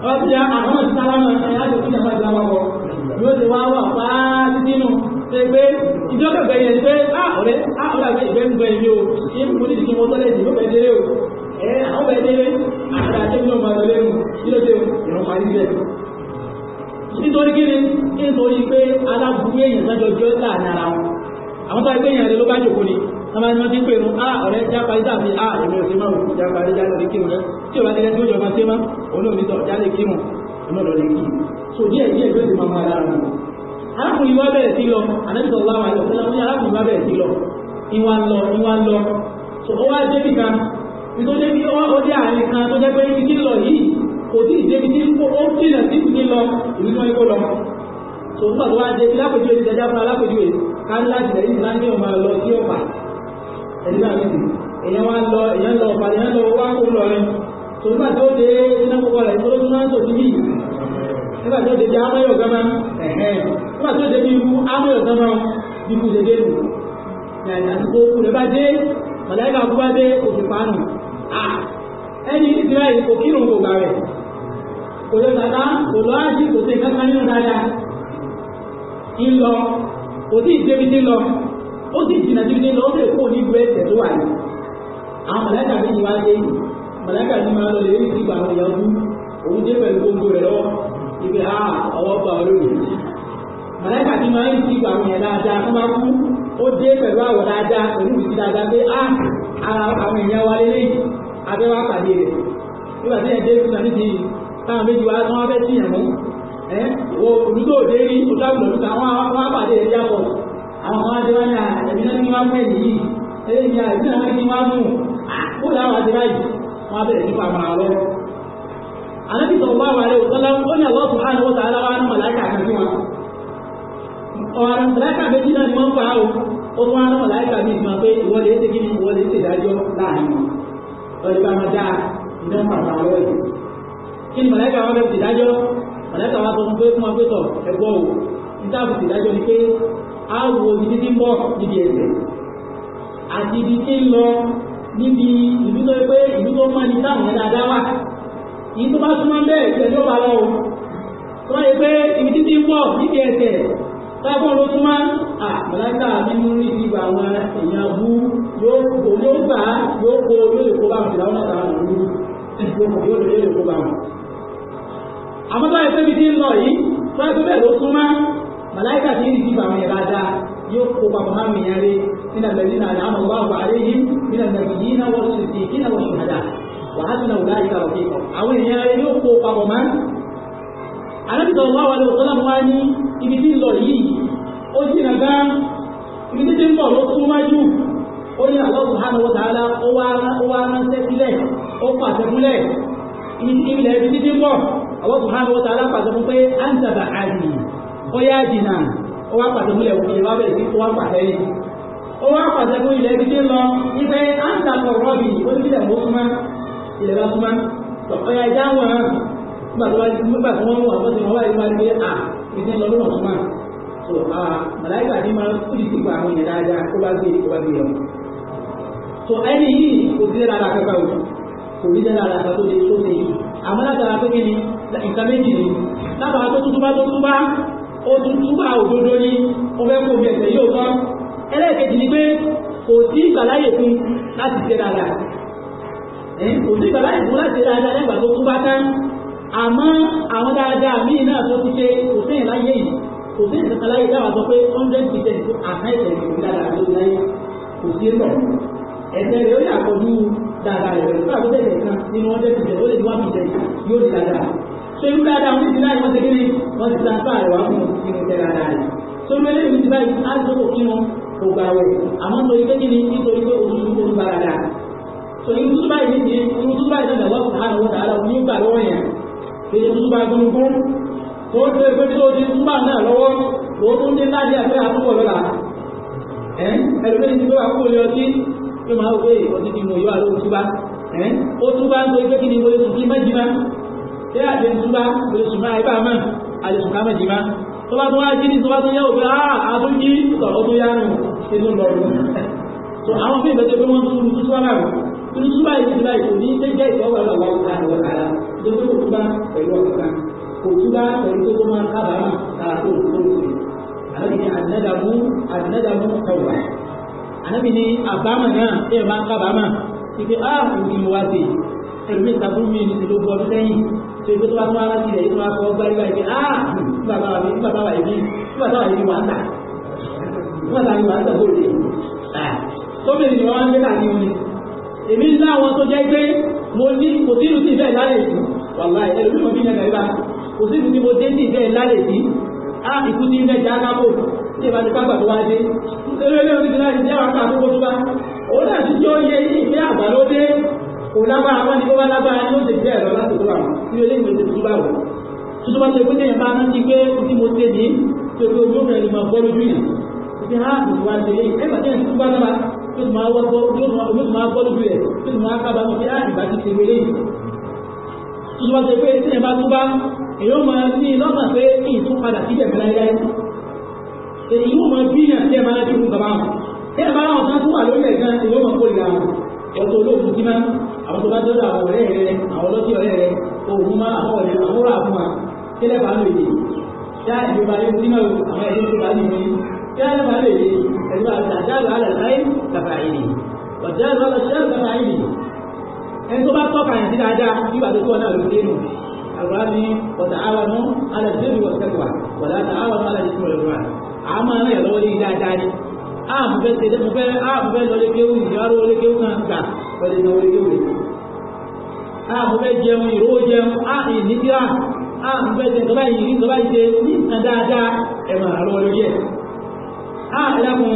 wọ́n ti àwọn ti sára máa ẹ̀ láti fún ìjàmbá ìjàmbá wọ yóò ti wá wà pàá nínú ṣe pé ìjọ kẹgbẹ yẹn pé á ọ̀rẹ́ á ọ̀rẹ́ àgbẹ̀ ìgbẹ́ ń gbẹ yìí o ṣé mo ní ìdíkí mo tọ́lẹ̀ yìí ló fẹ́ délé o ẹ àwọn bẹ̀ẹ́ délé àti àtẹ́bí náà máa lọ́lẹ́rù nílò tẹ́ ìrọ̀ parí rẹ̀ nítorí kíni nítorí pé aláburú èèyàn sájọ jọ láàrin ara wọn àwọn tó ẹgbẹ́ èèyàn rẹ ló bá jòkó ni wọ́n máa ń rántí pé nu a ah, ọ̀rẹ́ já parí tàbí a ah, èmi ò sí máa wù já parí já lọ lè kírun rẹ tí o bá tẹ́lẹ̀ tí ó jọ máa ṣe má òun ò ní sọ já lè kírun òun lọ lè kírun so díẹ̀ díẹ̀ ló ti máa máa lára wọn. arákùnrin wa bẹ̀rẹ̀ sí lọ ànábìsọ̀ láwọn àyọ̀ fún arákùnrin wa bẹ̀rẹ̀ sí lọ ìwà lọ ìwà lọ so ó wá débi kan nítorí bí ó dé àárín kan tó jẹ́ pé ibi tí ń lọ yìí kò tí ì débi tí ó jìnà sí ibi tí ń lọ ìlú náà kó lọ tó ń pàtó wá dé ibi lápèjú èyí jẹjá fún alápèjú èyí ká ń láti lẹ́yìn láńgé ọmọ lọ sí ọ̀pá ẹni náà ní èèyàn wá lọ èèyàn lọ ọ̀pá èèyàn lọ wá kó lọ rẹ tó ń pàtó dé iná púpọ̀ rẹ̀ tó tún náà tó ti bí nígbà tó dé bí amáyọ̀ gánmá nígbà tó dé bí irú amáyọ̀ gánmá bí kú dé dé nù àti kó kú rẹ̀ bá dé nù Ah, ẹni Israẹli kò kírun kò gbà rẹ̀ kò lọ tàbá kò lọ ájì kò sí kankan nínú dáadáa ń lọ kò sí ìdébìdé lọ ó sì jìnnà dídé lọ ó lè kó ní ìwé ẹsẹ̀ tó wà ní. àwọn mọ̀lẹ́kà mi wá dé mọ̀lẹ́kà mi máa lọ lè rí àwọn òun dé pẹ̀lú gbogbo rẹ̀ ibi ha ọwọ́ mọ̀lẹ́kà mi máa àwọn dáadáa ara àwọn èèyàn wa lélẹ̀ abẹ́ wa pàdé rẹ̀ nígbà tí ẹ̀jẹ̀ ìgbà níbi táwọn méjì wa tán wá fẹ́ tìyàn mú ẹ wo olùdó òde rí òtàbùlọ̀ lùkà wọn á pàdé rẹ̀ yàpọ̀ àwọn kan adé wọn ní ẹ̀mí náà ní wọn mú ẹ̀yìn yìí ẹ̀yìn ní àìsí náà ní wọn mú ó dà wọn adé báyìí wọn bẹ̀rẹ̀ nípa àmàlà lọ. àlejò sọ̀rọ̀ bá wàlẹ̀ ó ní àwọn sùhánù wọ́n sàárà wà ó tún wá náà láìka mi ìgbà pé ìwọ lè ṣe kíni ìwọ lè ṣe ìdájọ́ láàrin wọn lọ́dí bá máa dáa iná pàpà lọ́wọ́ yìí kí ni mọ̀lẹ́kà wọn fẹ́ fi ìdájọ́ mọ̀lẹ́kà wọn sọ fún pé fún wọn pé tọ̀ ẹ̀gbọ́ o níta fi ìdájọ́ ni pé a wo ibi tí ń bọ̀ níbi ẹ̀sẹ̀ àti ibi tí ń lọ níbi ìlú tó pé ìlú tó mọ́ ní táwọn ẹ̀dá dá wà ìyí tó bá súnmọ́ bẹ́ẹ̀ ìṣẹ̀lẹ̀ ó bá lọ tábọ̀ ló tún máa à mọ̀láńtà nínú rí ìgbà àwọn èèyàn bú yóò gbà yóò kó yóò lè kó bá àwọn ìdáwọ́n náà tààrà lórí yóò lè lè kó bá wọn. àmọ́ báyìí pé bíi ti ń lọ yìí báyìí tó bẹ̀ ló tún máa mọ̀láńtà ti rí ìgbà àwọn ìyàrá dáa yóò kó papọ̀ máa mìíràn rí nínú àgbẹ̀bí náà àmọ́ bá wà á léyìn nínú àgbẹ̀bí yìí náà wọ́n ti kí náà wọ́n ti hàdà wàá tún náà wùdá ó jìnà gan ibi títí ń bọ̀ ló kú májú ó ní Allah subhanahu wa ta'ala ó wá ránṣẹ́ sílẹ̀ ó pàṣẹ múlẹ̀ ilẹ̀ ibi títí ń bọ̀ Allah subhanahu wa ta'ala pàṣẹ fún pé à ń tàbà àdì ó yá jìnà ó wá pàṣẹ múlẹ̀ òkè wá bẹ̀rẹ̀ sí ó wá pàṣẹ yìí ó wá pàṣẹ fún ilẹ̀ ibi tí ń lọ ife à ń tàbà rọ́bì ó ní ilẹ̀ mọ́ súnmọ́ ilẹ̀ bá súnmọ́ ọ̀yà ìdáhùn nígbà tí wọ́n mú àwọn tí wọ́n wá ìgbà so ah, màláìkà ní máa ń kúrì sípò àwọn èèyàn dáadáa kó bá gbé kó bá gbé ọmọ so ẹni yìí kò sí lára kankan o a a kò rí lára kan tó lè tó ṣe yìí àmọ́ látara pé kí ni nǹkan méjì ni lábàá tó túbá tó túbá ó túbá òdodo ni ó fẹ́ kó bí ẹ̀sẹ̀ yóò tán ẹlẹ́ẹ̀kejì ni pé kò sí ìgbàláyè fún láti ṣe dáadáa kò sí ìgbàláyè fún láti ṣe dáadáa lẹ́gbàá tó túbá tán àmọ́ àwọn dáadáa míì náà tó ti ṣe kò sẹ́yìn láyé yìí kò sí ìsìnkà láyé dáwà sọ pé hundred percent àkáìtẹ̀ ìlú dáadáa ló láyé kò sí ń bọ̀ ẹ̀sẹ̀ rẹ̀ ó yà pọ̀jù dáadáa rẹ̀ nígbà tó tẹ̀sẹ̀ kan nínú hundred percent ó lè di one percent yóò di dáadáa so irú dáadáa wọn ti di láyé wọn ti kiri wọn ti transfer rẹ̀ wá fún inú tẹ̀ dáadáa rẹ̀ so irú eléyìí ti báyìí á ti tó kínú kò gbà wẹ̀ àmọ́ nítorí pé kí ni nítorí pé òṣùṣù kò ní bára dáa so irú tó báyìí ní irú tó báyìí náà lọ́wọ́ tó ń pè pé tó ti ń bà náà lọ́wọ́ tó tún ní láti àpẹ́ àtúbọ̀ lọ́la ẹ̀ ẹ̀rọ̀mẹ́ni ti gbọ́ra kúrò lé ọtí tó máa wé ọtí ti mọ̀ yóò àlọ́ òtúbá ẹ̀ ó túbá ń gbé kí ni mo lè sùn kí mẹ́jìmá ṣé àti ìtúbá mo lè sùn máa ibà máa àti sùn ká mẹ́jìmá tó bá tún wá jí ni tó bá tún yẹ òfin áà àtúnjí sọ̀rọ̀ tó yá nù ṣe tó lọ rù so àwọn fíìmù ẹgbẹ́ pé wọ́n tún lu túbá náà rù túbá yìí túbá yìí kò ní í jẹ́ ìtọ́wọ́ وكلا فريقهما خبر كاتب قلوبهم أنا بني الندم الندم توبة أنا بني أباما يا إيه ما كباما ibi a òbí wa dé ẹlòmí ìtàkùn mi ní ìlú bọ́ọ̀dún lẹ́yìn tó ibi tó bá tún ara tilẹ̀ yìí tó bá kọ́ gbárí báyìí a ah, nígbà bá wà ní nígbà bá wà yìí nígbà bá wà yìí wà ń tà nígbà bá yìí wà ah, ń tà bó lè tóbi ni wọn gbé káàkiri wọn ni èmi ń láwọn tó jẹ́ pé mo ní kò sí ìlú sí ìfẹ́ ìlànà ètò wàlá ẹlòmí mo bí yẹn kàrí kò sí ìlú tí mo dé sí ìfẹ́ lálẹ́ sí á ìkú sí ìfẹ́ jákàbò tí ìbá ti pápá tó wá dé eré ilé orí ìdílé ìdílé àwọn àkàtúntò kó tó bá òun náà ti jọ yẹ ìfẹ́ àgbà ló dé òun lágbára wọn ni ó bá lágbára ni ó ti bẹ́ẹ̀ lọ láti tó àwọn tí ó lé ìwé ti túbà wọ̀ tuntun bá ti pé téèyàn bá rántí pé tí mo dé ní tó ojú ọ̀rẹ́ ni mo bọ́ lójú yìí ìdí ha ti pé á ah, ìbá bá ti bá èyí ó máa ní lọ́mà pé kí n tún padà síbẹ̀ mi láyé èyí ó máa bí yàn tí ẹ máa ti mú bàbá wọn tí ẹ máa wọn kan tún wà lórí ẹ̀ gan èyí ó máa kó ìyá wọn ọ̀tọ̀ olóògùn tí máa àwọn tó bá dọ́dọ̀ àwọn ọ̀rẹ́ rẹ àwọn ọlọ́tí ọ̀rẹ́ rẹ òògùn máa àwọn ọ̀rẹ́ àwọn ọ̀rọ̀ àfún wa tẹ́lẹ̀ bá lè dé yá ìjọba lé sí náà àwọn ẹ̀dọ́ tó bá lè dé yá ìjọba lè dé ẹ̀dọ́ àdáàlú alàlàyé kàfà ìlì ọ̀dáàlú alàṣẹ́ kàfà ìlì ẹni tó bá tọ́ka yẹn sí dáadáa bí wàá tó tọ́ náà ló dé nù القرآن وتعاونوا على البر والتقوى ولا تعاونوا على الإثم والعدوان àmọ́ náà lọ́wọ́ lé dáadáa ni áàmù fẹ́ ṣe mo fẹ́ áàmù fẹ́ lọ lé kéwù ìyàrá lé kéwù náà gbà pẹ̀lú ìnáwó lé kéwù rẹ̀ áàmù fẹ́ jẹun ìrówó jẹun áàmù ìníkírà áàmù fẹ́ jẹun tọ́ba yìí tọ́ba yìí ṣe ní ìtàn dáadáa ẹ̀ máa lọ́wọ́ lórí ẹ̀ áàmù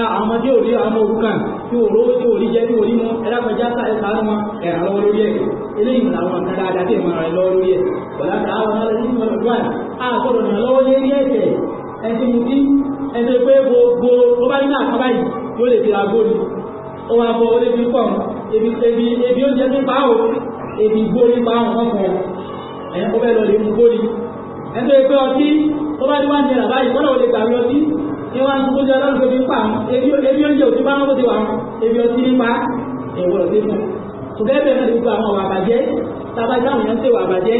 àwọn tí ò rí àwọn òrukàn tí ò rówó tí ò rí jẹ tí ò rí mú ẹlápẹjá sàánú wọn ẹ̀rà lọ́wọ́ lórí ẹ̀ eléyìí làwọn kan dáadáa tí ìmọ̀ràn lọ́wọ́ lórí ẹ̀ bọ̀dá ta àwọn ọmọdé tí wọn lọ́wọ́ àgbọ̀dọ̀ nà lọ́wọ́ lérí ẹ̀jẹ̀ ẹtì mú sí ẹtì pé gbogbo ó bá nínú àkàbà yìí yóò lè fi àgbo ni ó wá bọ olè pọ̀ ebi ebi ebi oúnjẹ tó pa ò ebi gbórí pa àwọn ọkàn ẹ̀ ó fẹ́ lọ lè mú gbórí ẹtì pé ọtí ó bá ní wá ní ẹ̀rà báyìí kọ́nà ò lè ìwọ̀n tó jẹ́ ọlọ́run tó fi ń pa ebi oúnjẹ òtún bá wọn bó ti wà wọn ebi ọtí ń pa èèwọ̀ sí fún un gẹ́gẹ́ bẹ́ẹ̀ náà ti gbogbo àwọn ọ̀wà àbàjẹ́ tábàjẹ́ àwọn èèyàn ń tèwà àbàjẹ́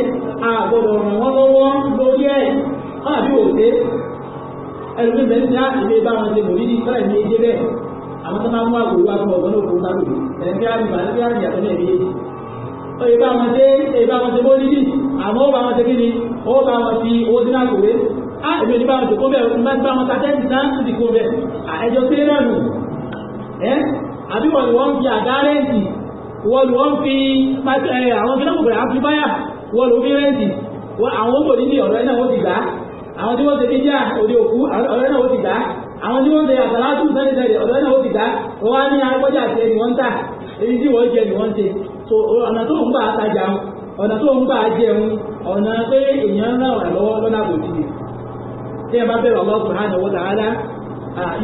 àgbọ̀dọ̀ ràn wọ́n lọ́wọ́ lórí ẹ̀ wọ́n àbí òde ẹlòmíì bẹ́ẹ̀ ní àtìlẹ́ ah, bá wọn ṣe mòrí ní ìfẹ́ ní ẹjẹ́ bẹ́ẹ̀ àwọn tó máa mú àgbòrò wá fún ọ̀gbọ́n òkú sáré ẹ̀ẹ́dẹ́ àgbà ẹ̀ẹ́dẹ́ àgbà tó náà ẹ̀ẹ́dẹ́ ah èmi ní báwọn ìṣòkó bẹ́ẹ̀ ní wọn tàtẹ́ ti tán ti kó bẹ́ẹ̀ ẹjọ́ sí náà nù àbí wọ́n ni wọ́n fi àdá rẹ́ǹtì wọ́n ni wọ́n fi àwọn fi lọ́kùnrin fi rẹ́ǹtì àwọn ó bò ní ọ̀rọ̀ ẹ̀ náà ti gbà àwọn tí wọ́n ti òde òkú ọ̀rọ̀ ẹ̀ náà ti gbà àwọn tí wọ́n ti tí ẹ bá bẹ̀rẹ̀ Allah subhanahu wa ta'ala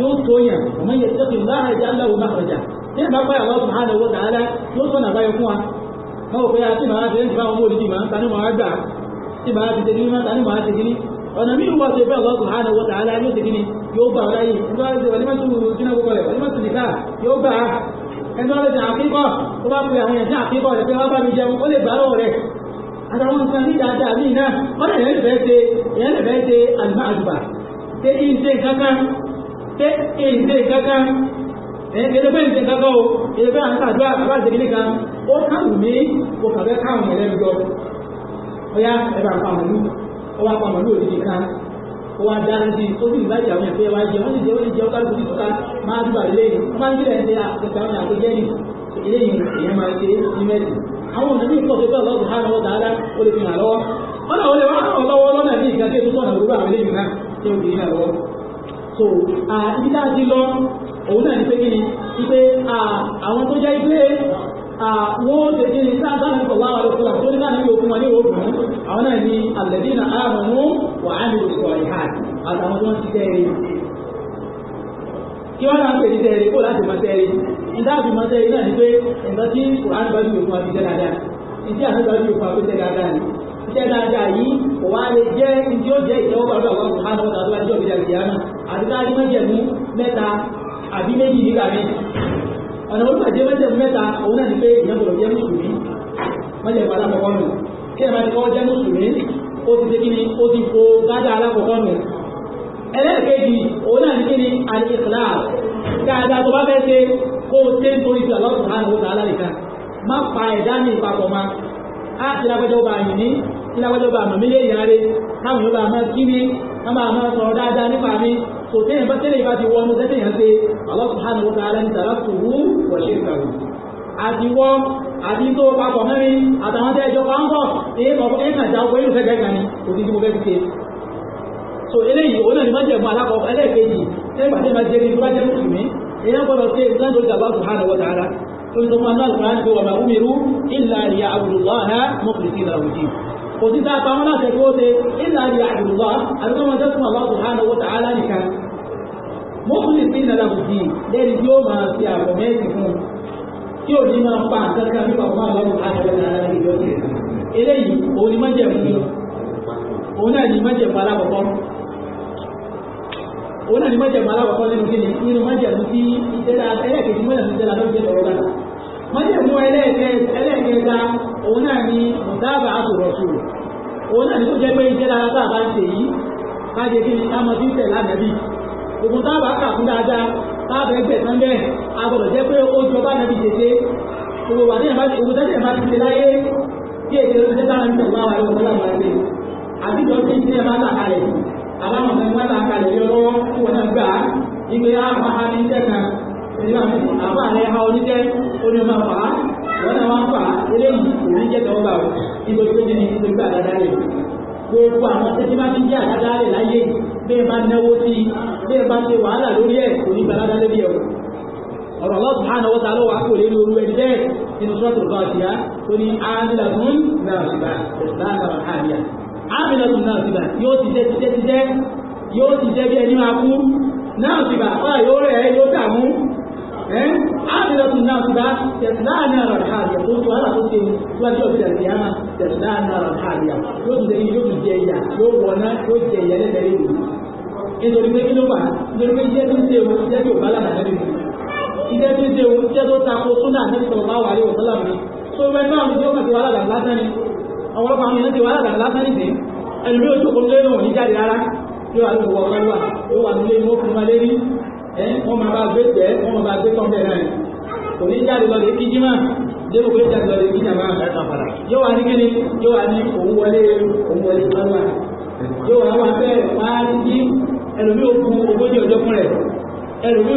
yóò tó yàn ọmọ yẹn tó kìí láàrin ìjà ńlá òun makhraja tí ẹ bá bẹ̀rẹ̀ Allah subhanahu wa ta'ala yóò tó nà báyọ̀ fún wa wọn ò pé a ti máa ṣe ń gbà wọn olùdí máa ń tani máa gbà tí máa ti tẹ̀lé máa tani máa ti tẹ̀lé ọ̀nà mí wà tó bẹ́ẹ̀ Allah subhanahu ni yóò bá ọ̀rá yìí nígbà àtàwọn nǹkan ní dáadáa míì náà wọ́n lè lè fẹ́ ṣe èèyàn lè fẹ́ ṣe àlùmọ́ àdùbà ṣé kí n ṣe kankan ṣé kí n ṣe kankan ẹ̀ẹ́dẹ́ bẹ́ẹ̀ ṣe kankan o ẹ̀ẹ́dẹ́ bẹ́ẹ̀ àti àdúrà àbá ṣe kíní kan ó káwù mí kò kàwé káwù mí lẹ́nu jọ ọyá ẹ bá pa màlúù ó wá pa màlúù òdìdí kan ó wá dá sí ó sì ìbájì àwọn ẹ̀fẹ́ wá jẹ wọ́n sì jẹ wọ́n sì jẹ ọkọ̀ lórí ìtura máa dùbà lélẹ́yìn wọ́n máa àwọn ọ̀nà míì pọ̀ṣẹ̀ pẹ̀lú ọ̀sùn hàn lọ́wọ́ dáadáa ó lè fi hàn lọ́wọ́ wọ́n àwọn olèwà àwọn lọ́wọ́ lọ́nà ní ìgbà tí ó tọ́nà gbogbo àwọn eléyìí náà tí ó fi hàn lọ́wọ́ so ibi tá a ti lọ òun náà ni pé kí ni ipe àwọn tó jẹ́ ilé wọ́n ṣe kí ni sáà sáà nípa wàhálà ló fúnra tó ní náà níbi òkun wọn ní òkun àwọn náà ni àlẹ́bí náà àrùn mú wà á nílò ìkọ̀rẹ́ ha àtàwọn tó ní tẹ́rẹ̀ kó láti ìdáàbì máa tẹ́ iná ní pé ẹ̀gbọ́n tí kòránì bá jùlọ fún wa fi jẹ́ dáadáa ìdí àti bá jùlọ fún wa fi jẹ́ dáadáa ni iṣẹ́ dáadáa yìí kò wá lè jẹ́ ìdí ó jẹ́ ìtẹ́wọ́gbà lọ́wọ́ àwọn ọ̀hánà wọn tàbí ọjọ́ ìdí àti àmà àti káàdì mọ́jẹ̀mú mẹ́ta àbí méjì nígbà mi ọ̀nà olùpàdé mọ́jẹ̀mú mẹ́ta òun náà ni pé ìyẹ́bọ̀rọ̀ jẹ́ mùsùlùmí mọ́jẹ̀mú alákọ̀ọ́kọ́ nù kí ẹ̀ máa ti kọ́ jẹ́ mùsùlùmí ó ti ṣe kí ni ó ti fo dáadáa alákọ̀ọ́kọ́ nù ẹlẹ́ẹ̀kejì òun náà ni kí ni àti ìkìlá dáadáa tó bá fẹ́ ṣe kó o ṣe ń torí ti Allah subhanahu wa ta'ala nìkan má pa ẹ̀dá ní ìpapọ̀ ma á ti lágbẹ́jọ́ bá yìí ní ti lágbẹ́jọ́ bá màmí lè yáre káwọn yóò bá máa kí mi ká máa máa sọ̀rọ̀ dáadáa nípa mi kò tẹ́yìn bá tẹ́lẹ̀ ìbá ti wọnú tẹ́tẹ̀ yẹn ṣe Allah subhanahu wa ta'ala ní tàbá tó wú wọ̀ ṣe ìgbà wò àtiwọ́ àti tó papọ̀ mẹ́rin àtàwọn tẹ́ ẹjọ́ pàǹkọ̀ èyí kọ̀ọ̀kọ́ so eléyìí òun náà ni wọ́n jẹ̀gbọ́n alákọ̀ọ́kọ́ ẹlẹ́ẹ̀kejì tẹ́gbàtẹ́ máa jẹ́ èèyàn gbọ́dọ̀ sí èyí láti ọjà bá sùhánà wọ́n tààrà tó ń sọmọ náà sùhánà tó wà máa umiru illa li ya'budullaha mukhlisina lahu din kò sí dáa pamọ́ láti ẹ̀kọ́ ṣe illa li ya'budullah àti tó máa tẹ́sùn àwọn sùhánà wọ́n tààrà nìkan mukhlisina lahu din lẹ́ni tí ó máa fi àpọ̀ mẹ́sì fún tí ò ní máa pa nǹkan kan nípa ọmọ àwọn sùhánà wọ́n tààrà nìkan eléyìí òun ni májẹ̀mú òun náà ni májẹ̀mú alákọ̀ọ́kọ́ òun náà ni májẹ̀mú alákọ̀ọ́kọ́ nínú kí ni nínú májẹ̀mú tí ìtẹ́lá ẹlẹ́ẹ̀kejì májẹ̀mú ìtẹ́lá ló ń tẹ́ tọ̀rọ̀ dára májẹ̀mú ẹlẹ́ẹ̀kẹta òun náà ni dábàá àtòrọ̀ sùn òun náà ni kó jẹ́ pé ìtẹ́lá tá a bá ń ṣe yìí ká jẹ́ kí ni ká mọ títẹ̀ lánàbí ògùn tábà kà fún dáadáa tábà ẹgbẹ̀ tán bẹ́ẹ̀ a gbọ́dọ̀ jẹ́ pé ó jọ bá nàbí tètè òwò wà níyàbá òwò tẹ́tẹ̀ bá ti ṣe láyé kí èdè ló ti tẹ́tà ń tẹ̀wá wa lọ́wọ́ láwọn ẹgbẹ́ àbíjọ́ tí ń tẹ́ bá là kalẹ̀ àwọn ọmọ kan wọ́n kalẹ̀ yọ lọ́wọ́ tí wọ́n náà gbà á ìgbé àwọn ha ní jẹ́ kan ìgbà mi àbá rẹ̀ ha oníjẹ́ oní ọmọ fà á wọ́n náà wọ́n fà á eléyìí kò ní jẹ́ tọ́wọ́ bá o nítorí pé kíni nítorí pé àdáda rẹ̀ gbogbo àwọn tẹ́tí bá ti jẹ́ àdáda rẹ̀ láyé bẹ́ẹ̀ bá náwó sí i bẹ́ẹ̀ bá ṣe wàhálà lórí ẹ̀ kò ní balada lẹ́bi ẹ̀ o ọ̀rọ̀ Allah subhanahu wa ta'ala wà kò lè lóru ẹni bẹ́ẹ̀ nínú sọ́ọ̀tù bá ti yá ó ní áńdílà ábìlọ́tún náà síbà yóò ti jẹ́ títẹ́ títẹ́ yóò ti jẹ́ bí ẹni máa kú náà síbà ọ̀rọ̀ yóò rẹ̀ yóò dààmú ábìlọ́tún náà síbà tẹ̀sílá náà rà hàlìyà tó tó àlà tó ṣe wájú ọ̀bí àti àmà tẹ̀sílá náà rà hàlìyà yóò ti jẹ́ yóò ti jẹ ìyà yóò wọ̀ náà yóò jẹ ìyà lẹ́gbẹ̀ẹ́ ìlú nítorí pé kí ló wà nítorí pé iṣẹ́ tó ń ṣe òun iṣẹ́ tó bá lànà lẹ́nu iṣẹ́ tó ń ṣe òun iṣẹ́ tó tako súnà ní sọ̀rọ̀ bá wà lé òun lọ́làmù ni tó bẹ́ẹ̀ náà ni yóò kàn ti wà lànà lásán ni ọ̀pọ̀lọpọ̀ àwọn èèyàn ti wà lànà lásán nìyẹn ẹlòmí ojú kò lé òun ní jáde rárá yóò wá lówó ọgbẹ́ wà yóò wà nílé mọ́ fún malé rí ẹ wọ́n máa bá gbé tẹ̀ wọ́n máa bá gbé tán bẹ́ẹ̀ náà kò ní jáde lọ lè kíjí máa débò pé jáde lọ lè kíjí máa yóò wá ní kíni yóò wá ní òun wọlé òun wọlé gbọ́dọ̀ yóò wá wá bẹ́ẹ̀ wá ní ẹlòmí òkú ogójì ọjọ́ fún rẹ̀ ẹlòmí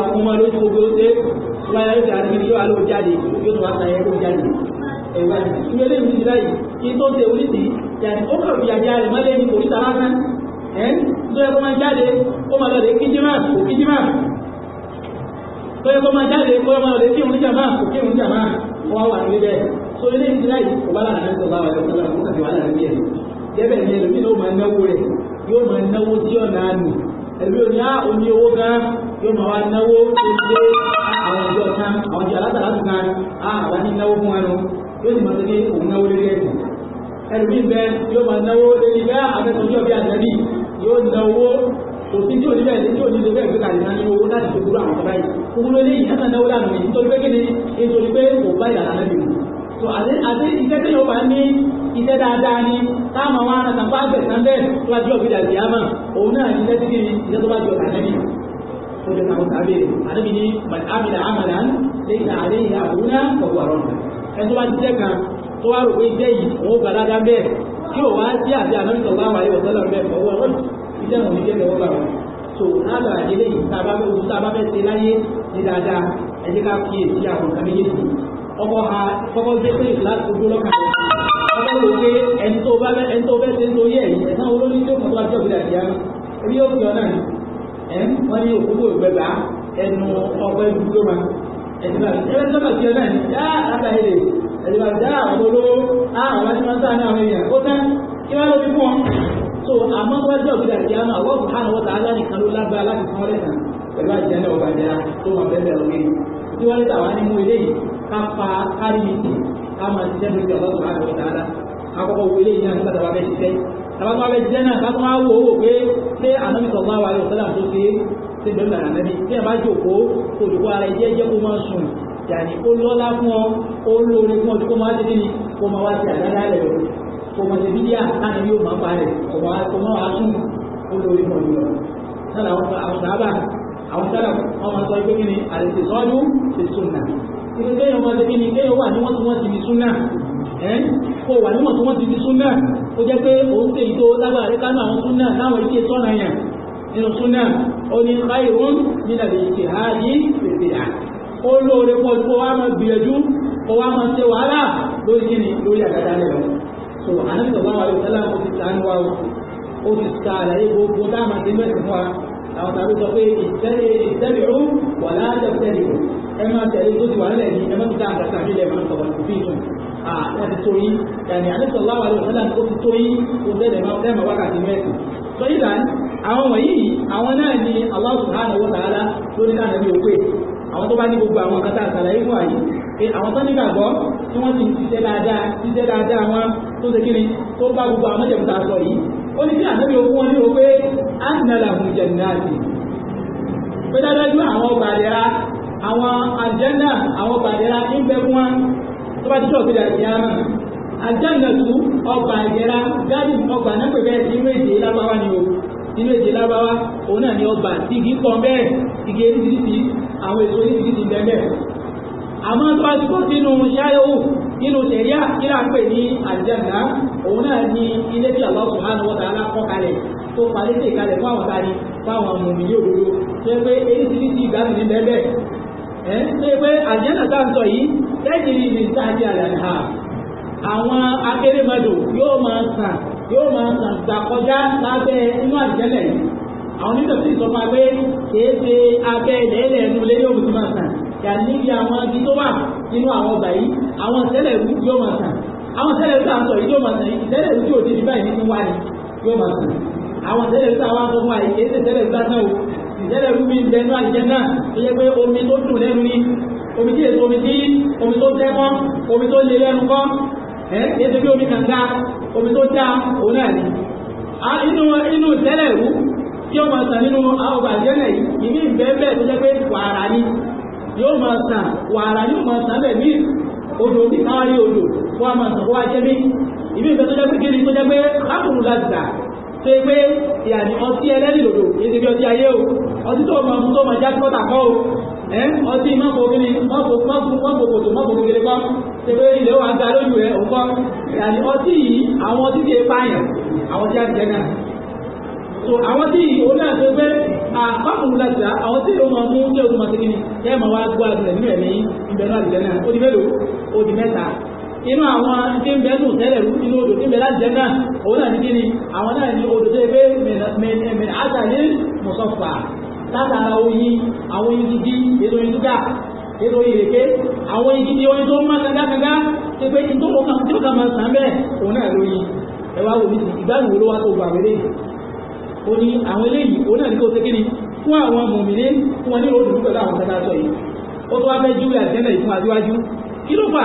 kú mọ́ wọ́n yára yóò tẹ̀lé yóò alóò jáde yóò tún wá sa ẹ̀rọ jáde ẹ̀wọ̀n ìwé lè ní báyìí kí tó ṣe oríṣi yàtì ó kàn fi àjà rẹ̀ mọ́lẹ́ ní orí tara kan ẹ̀ tó yẹ kó máa jáde kó máa lọ lè kí jimá kò kí jimá tó yẹ kó máa jáde kó máa lọ lè kí òun jàmá kò kí òun jàmá wọ́n wà nílé bẹ́ẹ̀ so ilé ìdílé yìí kò bá lára ní sọ̀rọ̀ àwọn ẹ̀rọ sọ̀rọ̀ àwọn wàhálà rẹ̀ bíẹ̀ gẹ́gẹ́ ni ẹlòmíì ló máa náwó rẹ̀ yóò máa náwó tí ọ̀nà àmì ẹlòmíì ò ah, ní á omi owó gan-an yóò máa wá náwó tó gbé àwọn ọjọ́ kan àwọn ọjọ́ alátàlátù kan àbá ní náwó fún ẹnu yóò sì máa ṣe pé òun náwó lórí ẹ̀sìn ẹlòmíì bẹ yóò máa náwó lórí bẹ́ẹ̀ ah, àfẹ́sọ̀jọ́ bí àtẹ́bí yóò náwó kò sí tí oníbẹ̀ tí oníbẹ̀ bẹ́ẹ̀ gbé kàlẹ́ náà ní owó láti fi gbúrò àwọn ọ̀gá yìí gbogbo lórí yìí náà náwó lànà yìí nítorí pé kíni nítorí pé kò bá ìlànà náà bì mú so àti àti iṣẹ́ tí yóò bá ní iṣẹ́ dáadáa ni táwọn àwọn ará kan bá gbẹ̀sán bẹ́ẹ̀ tó bá jọ gbé dàgbé àmà òun náà iṣẹ́ tí kiri iṣẹ́ tó bá jọ kàlẹ́ nìyí kódé káwọn sábẹ rẹ àdébí ní àbílẹ àmàlà lẹ́yìn àárẹ yìí àbúrúnà ọgbà ọ̀rọ̀ nà ẹni tó bá ti jẹ kan tó wá rò pé jẹ yìí òun ó balada bẹ́ẹ̀ tí ò wá jẹ àti ànábìtọ bá wà yóò tẹ́lẹ̀ bẹ́ẹ̀ ọwọ́ ọ̀rọ̀ ìjẹ wọn ìjẹ lọ́wọ́ bá wọn. tó lára ilé yìí tá a bá fẹ́ ṣe láyé ní dáadáa ẹ jẹ́ ká fi èsì àwọn kan méjì sí ọkọ̀ ha kọ́kọ́ gbé pé láti ojú ọlọ́kàn ọkọ̀ wò pé ẹni tó bẹ́ ṣe ń torí ẹ̀yìn ẹ̀sán olórí tó kàn tó wá jọ̀gbìn àdìyá rí ó fi ọ náà ẹ wọ́n ní òkúkú ìgbẹ́gbà ẹnu ọgbẹ́ dúró ma ẹ̀sìn bá mi ẹ bẹ́ẹ̀ sábà tiẹ̀ náà ní dá àtàlẹ́ ẹ̀sìn bá mi dá àwọn olówó àwọn ọmọdé máa ń sáà ní àwọn èèyàn ó tán kí wọ́n lọ bí fún wọn. so àmọ́ tó bá jẹ́ òkúta ìdí àná àwọn ọ̀sùn hàn wọ́ta alá nìkan ló lágbára láti fún ọ lẹ́sàn pẹ̀lú àjẹ́ náà ọba jẹ́ra tó wà bẹ́ẹ̀ bẹ́ẹ̀ lórí tí wọ́n lé tàwa ní mú eléyìí ká pa kárí mi tì ká máa ṣiṣẹ́ lórí ọlọ́sùn hàn wọ́ta alá akọ́kọ́ ṣiṣẹ́ tàbátú wa bẹ jẹ́ náà tàbátú wa wò ó pé ṣé ànábì sallallahu alaihi wasallam tó ṣe ṣe bẹ́ẹ̀ lọ́la ànábì tí ẹ bá jòkó olùkọ́ ara ẹ̀jẹ̀ jẹ́ kó máa sùn yàní ó lọ́lá fún ọ ó lóore fún ọ tí kò máa ṣe kíni kò máa wá sí àdáda rẹ̀ o kò máa ṣe bídíà láti yóò máa bá rẹ̀ kò máa kò máa wá sùn ó lóore fún ọ jùlọ. sọ́dà àwọn sábà àwọn sábà wọ́n máa sọ pé kíni àrètè sọ́dún ti sùn náà kéèyàn máa ṣe kíni kéèyàn wà níwọ̀ntúnwọ̀ntì ní sùn náà kò wà níwọ̀ntúnwọ̀ntì ní sùn náà ó jẹ́ pé òun tèyí tó lágbára rẹ̀ kánú àwọn súnà láwọn ìṣe sọ́nà yẹn nínú súnà ó ní káyìrún nínà lè ṣe há ní bèbè à ó lóore pọ̀ tó wá máa gbìyànjú kó wá máa ṣe wàhálà lórí kíni lórí àdáda rẹ̀ lọ. so àlejò sallallahu alaihi wasallam ó ti sàánú wa ó ti sa àlàyé gbogbo dáàmà sí mẹ́sàn wa àwọn tàbí sọ pé ittabi'u wa la tabtadi'u ẹ máa tẹ̀lé tó ti wà nílẹ̀ ní ẹ má ti dá àgbàkà nílẹ̀ máa ń sọ̀rọ̀ àti ah, tó yí yàní àdéhùn láwà lè sọ́dà ó ti tó yí ó bẹ̀rẹ̀ máa bẹ́ẹ̀ máa wákàtí mẹ́sì tó yí dàn àwọn wọ̀nyí àwọn náà ni Allah subhanahu wa ta'ala lórí náà nàbí òkú àwọn tó bá ní gbogbo àwọn kata àtàlàyé wà yìí pé àwọn tó nígbàgbọ́ tí wọ́n ti ń ṣiṣẹ́ dáadáa ṣiṣẹ́ dáadáa wọn tó ṣe kíni tó bá gbogbo àwọn mẹ́jẹ̀mú ta sọ yìí ó ní kí àtẹ́bí okú wọn ní o pé ánàlà hùn jẹ̀nàtì pé dáadáa ju àwọn ọgbà àdẹ́ra àwọn àjẹ́ndà àwọn ọgbà àdẹ́ra ń bẹ́ fún wọn tó bá tíjọ́ òkèlè àti àmà àjànàtú ọgbà àjẹrà gáàdì ọgbà nápẹ̀ bẹ́ẹ̀ inú èdè lábáwá ni o inú èdè lábáwá òun náà ni ọgbà igi pọ̀ bẹ́ẹ̀ igi eríṣiríṣi àwọn èso eríṣiríṣi bẹ́ẹ̀ àmọ́ tó bá ti kó sínú yáyọ̀wò nínú sẹ̀ríà kí láà pè ní àjànà òun náà ni ilé tí Allah subhanahu wa ta'ala kọ́ kalẹ̀ tó parí sí ìkalẹ̀ fún àwọn tani fáwọn mùmí ní òdodo tó yẹ pé eríṣiríṣi ìgbàlù ní bẹ́ẹ̀ ẹ̀ ń pé pé àjẹ́nà tá ń sọ yìí tẹ́jì ní ibi tá a di àlàyé ha àwọn akérèmọdò yóò máa sàn yóò máa sàn gbàkọjá lábẹ́ inú àjẹ́nà yìí àwọn onídàá sì sọ máa pé kìí ṣe abẹ́ ilẹ̀ ilẹ̀ ẹnu lé yóò ti máa sàn kí a níbi àwọn igi tó wà nínú àwọn ọgbà yìí àwọn ìṣẹ̀lẹ̀ ìlú yóò máa sàn àwọn ìṣẹ̀lẹ̀ ìlú àtọ̀ yìí yóò máa sàn ìṣẹ̀lẹ̀ ìlú yóò ti di báyìí nínú wa ni yóò máa sàn àwọn ìṣẹ̀lẹ̀ ìlú àwọn àtọ̀ ìjẹ́lẹ̀ rúbí ìbẹ̀nú àjẹ́ náà tó yẹ pé omi tó dùn lẹ́nu ni omi tí èso omi tí omi tó tẹ́kọ́ omi tó lè lẹ́nu kọ́ ẹ́ ṣe bí omi kànga omi tó dá òun náà ni inú inú ìtẹ́lẹ̀ rú tí ó máa sàn nínú àwọn àjẹ́lẹ̀ yìí ìní ìbẹ́ẹ̀bẹ́ tó jẹ́ pé wàrà ni yóò máa sàn wàrà yóò máa sàn bẹ̀ mí odò ní káwárí odò wọ́n máa sàn wọ́n á jẹ́ mí ìbí ìbẹ́ tó jẹ́ pé kí ni tó jẹ́ pé lákùnrin láti dà tó yẹ pé ìyàní ọtí ẹlẹ́rìn lòdò èdè bí ọtí ayé o ọtí tó máa mú tó máa já kọ́tà kọ́ o ẹ ọtí mọ́pò kíni mọ́pò kòtò mọ́pò kékeré kọ́ ṣe pé ilé wa ga lójú rẹ̀ òun kọ́ ìyàní ọtí yìí àwọn ọtí ti pààyàn àwọn tí a jẹ náà so àwọn tí yìí òun náà ṣe pé àpapọ̀ láti ra àwọn tí yóò máa mú tí yóò máa ṣe kíni yẹ́n máa wá gbọ́ àgbẹ̀ nínú ẹ̀mí ìbẹ̀rù àgbẹ̀ inú àwọn tí ń bẹ́nu tẹ́lẹ̀ rú inú odò tí ń bẹ láti jẹ́ náà òun náà ní kí ni àwọn náà ní odò tó yẹ pé mẹ̀rẹ̀ àtàlẹ́ mọ̀sọ́fà látara oyin àwọn oyin gidi ètò oyin dúdà ètò oyin èké àwọn oyin gidi oyin tó ń má kankankanká tó pé tó kọ́ kan tí ó kà máa sàn bẹ́ẹ̀ òun náà lóyin ẹ wá wò ní ìgbàlù wo ló wá tó gbà wẹ́lẹ́ ó ní àwọn eléyìí òun náà ní kó ṣe fún àwọn mọ̀mìnì fún wọn ní odò pẹ̀lú àwọn kẹta sọ yìí ó tó wá fẹ́ júwe àtẹ́lẹ̀ ìfún àdíwájú kí ló fà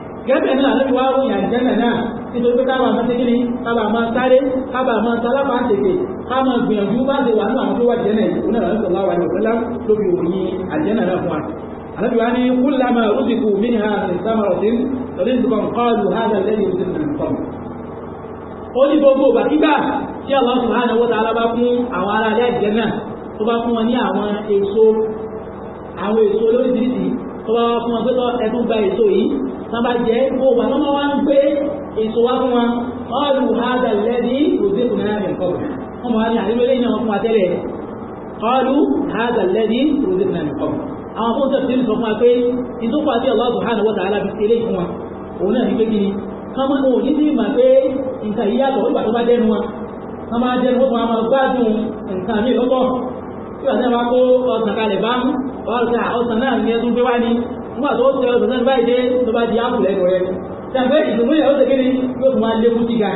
gẹ́gẹ́ náà lórí wá ròyìn àjẹ́nà náà nítorí pé káàbà máa tẹ́kí ni káàbà máa sáré káàbà máa sálábà ń tètè káàmà gbìyànjú bá ṣe wà nínú àwọn tó wà jẹ́nà yìí òun náà lọ́sọ̀ láwà ní òpẹ́lá lórí òyìn àjẹ́nà náà fún wa àlọ́bí wa ní kúlàmà rúdìkù minha min samaratin lórí ìdùkọ̀n kọ́ọ̀lù hádà lẹ́yìn òsìlẹ̀ nìkan ó ní gbogbo bàtígbà fún nàbà jẹ́ gbogbo wà lọ́mọ wa ń gbé èso wa fún wa ọ́ọ̀lù hàdà lẹ́dí òde kùnà náà bẹ̀rẹ̀ kọ́bù wọ́n máa ní àdébélé náà fún wa tẹ́lẹ̀ ọ́ọ̀lù hàdà lẹ́dí òde kùnà náà kọ́bù àwọn fún tẹ̀sí sọ fún wa pé ìtúpọ̀ àti Allah subhanahu wa ta'ala fi ṣeré fún wa òun náà ní pé kíni kọ́mọ ní òní sí ìmọ̀ pé nǹkan yìí yàtọ̀ nígbà tó bá dẹnu wa wọ́n máa dẹnu wọ́n máa máa gbádùn nǹkan mi lọ́pọ̀ nígbà tó tẹ ọdún náà báyìí dé tó bá di áàpù lẹ́nu rẹ tàbí ìdùnnú yẹn ó ṣe kéde yóò tún máa lékún sí ga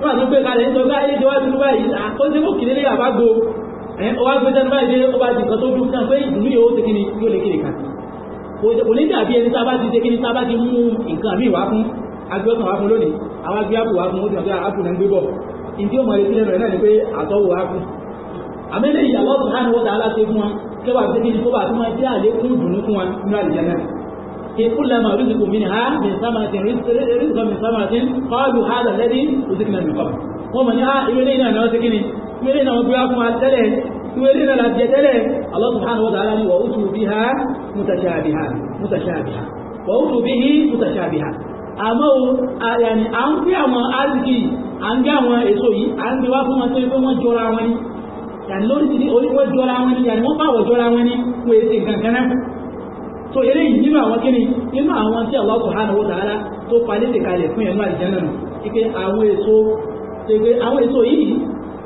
nígbà tó gbé kalẹ̀ nítorí ká ayé jọwọ́ dúró báyìí ó ṣe kó kìlé ní àbá go ẹ ọ wá gbé sẹ́nu báyìí dé ó bá di nǹkan tó dùn náà pé ìdùnnú yẹn ó ṣe kéde yóò lè kéde kàtì kò ní dàbí ẹni tá a bá ti ṣe kéde tá a bá ti mú nǹkan míì wá fún agbẹ́sàn wá fún lónìí àwọn agbẹ́ àpò wá fún ó ti hàn pé àpò náà ń gbé bọ̀ ìdí òmò ẹ̀rẹ́ sílẹ̀ rẹ̀ náà ni pé àtọ́wò wá fún àmẹ́lẹ́ ìyàwó ọ̀sán láti wọ́n ta aláṣẹ fún wọn kẹwà gbé ní kó bá tó máa jẹ́ àlékún ìdùnnú fún wọn nínú àlùjẹ́ náà ṣe kú lẹ́mọ̀ rízikù mi ní ha mi sámàtì rízikù mi sámàtì kọ́ọ̀lù ha lẹ́dí òsìkì náà nìkan wọ́n mọ̀ ní ha ah, ìwé náà ni wọ́n ti kíni náà wọ́n gbé wá fún wa tẹ́lẹ̀ ìwé náà la jẹ tẹ́lẹ̀ Allah subhanahu ni wọ́n oṣù bí ha yàtọ̀ lórí ti ní oníwọ́n jọra wọn ni yàtọ̀ wọ́n fàwọ̀ jọra wọn ni wọ́n èsì gàngànà so eléyìí nínú àwọn kíni nínú àwọn tí Allah subhanahu wa ta'ala tó palẹ́ ti kalẹ̀ fún ẹ̀nu àlìjánà nù ike àwọn èso tẹ̀gbẹ́ àwọn èso yìí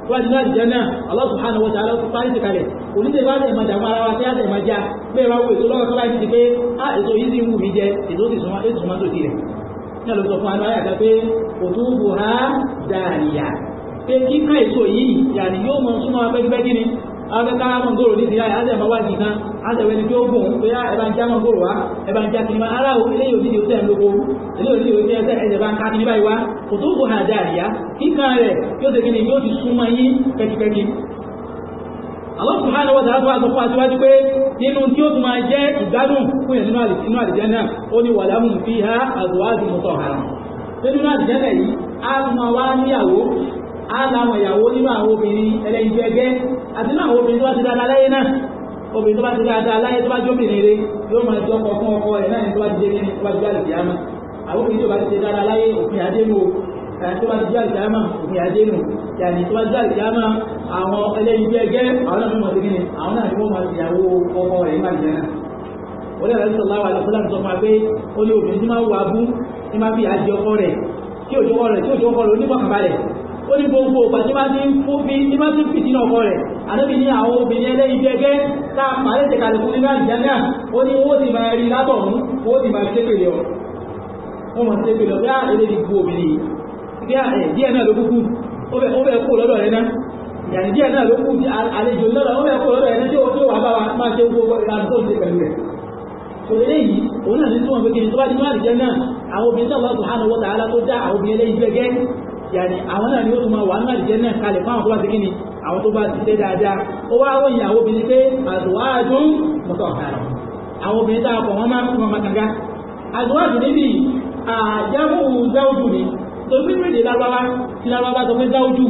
wọ́n ti ní àlìjánà Allah subhanahu wa ta'ala tó palẹ́ ti kalẹ̀ oníṣẹ́ bá tẹ̀ mọ̀jà fún ara wa tí a tẹ̀ mọ̀jà bẹ́ẹ̀ bá wo èso lọ́wọ́ kọ́lá ti di pé a èso yìí ti wù mí jẹ èso ti sọmọ èso sọmọ tó pé kíká èso yìí yàní yóò mọ súnmọ́ abẹ́gbẹ́gbẹ́ ní ni pé ó gùn pé ẹbá ń já mọ̀ngòrò wá ẹbá ń já kìnnìmá ara ò eléyìí ò nídìí ó tẹ̀ ń lóko eléyìí ò nídìí ó tẹ̀ ẹ̀jẹ̀ bá ń ká kìnnìmá ìwá kò tó gùn àjà àríyá kíká rẹ̀ yóò ṣe kìnnì yóò ti súnmọ́ yín pẹ́kipẹ́ki Allah subhanahu sọ fún pé nínú tí tún á láwọn ìyàwó nínú àwọn obìnrin ẹlẹ́yin jẹ́gẹ́ àti nínú àwọn obìnrin tó bá ti dáadáa láyé náà obìnrin tó bá ti dáadáa láyé tó bá jóbìnrin rẹ yóò máa jọ ọkọ fún ọkọ rẹ náà ní tó bá ti jẹ́ kíni tó bá ti jẹ́ àlùkìyàmá àwọn obìnrin tó bá ti ṣe dáadáa láyé òfin àdénù tó bá ti jẹ́ àlùkìyàmá òfin àdénù yàní tó bá ti jẹ́ àlùkìyàmá àwọn ẹlẹ́yin jẹ́gẹ́ àwọn náà ló mọ̀ sí kíni àwọn náà ni wọ́n máa ìyàwó ọkọ rẹ̀ máa jẹ́ náà wọ́n lẹ́yìn sọ̀lá wà lọ́sọ́lá sọ fún wa pé ó ní obìnrin tí máa wà bú ní máa fi àjẹ ọkọ rẹ̀ tí òjò ọkọ rẹ̀ tí òjò ọkọ rẹ̀ onígbọ̀kànbalẹ̀ ó ní gbogbo ọ̀pá tí máa ti ń fún bí tí máa ti ń fìdí ọkọ rẹ̀ àdébí ní àwọn obìnrin ẹlẹ́yìí gẹ́gẹ́ tá a pàdé ṣe kalẹ̀ fún nínú àjẹ́nà ó ní owó ti máa rí látọ̀hún owó ti máa ṣépèlè ọ̀ wọ́n máa ṣépèlè ọ̀ bí àlè lè gbó obìnrin bí àlè díẹ̀ náà ló kúkú ó fẹ́ kó lọ́dọ̀ rẹ̀ náà ìyàní díẹ̀ náà ló kú àlejò lọ́dọ̀ ó fẹ́ kó lọ́dọ̀ rẹ̀ náà tí ó tó wà bá wa máa ṣe gbogbo ìlànà tó ń ṣe pẹ̀lú rẹ̀ eléyìí òun náà ní tí wọ́n fi kiri tó bá di máa rí jẹ́ náà àwọn obìnrin náà wọ́n sùn hánà wọ́n tààlà tó dá àwọn obìnrin eléyìí yàní àwọn náà ni ó tún máa wà ní àdìjẹ́ náà kalẹ̀ fún àwọn tó bá ti kíni àwọn tó bá ti ṣe dáadáa ó wá ròyìn àwọn obìnrin pé àdùwádùn mọ́tọ̀ ọ̀hánà àwọn obìnrin tá a kọ̀ wọ́n máa ń fún ọmọ kanga àdùwádùn níbi àjábò záwùjù ni torí pé méjì lábábá ti lábábá sọ pé záwùjù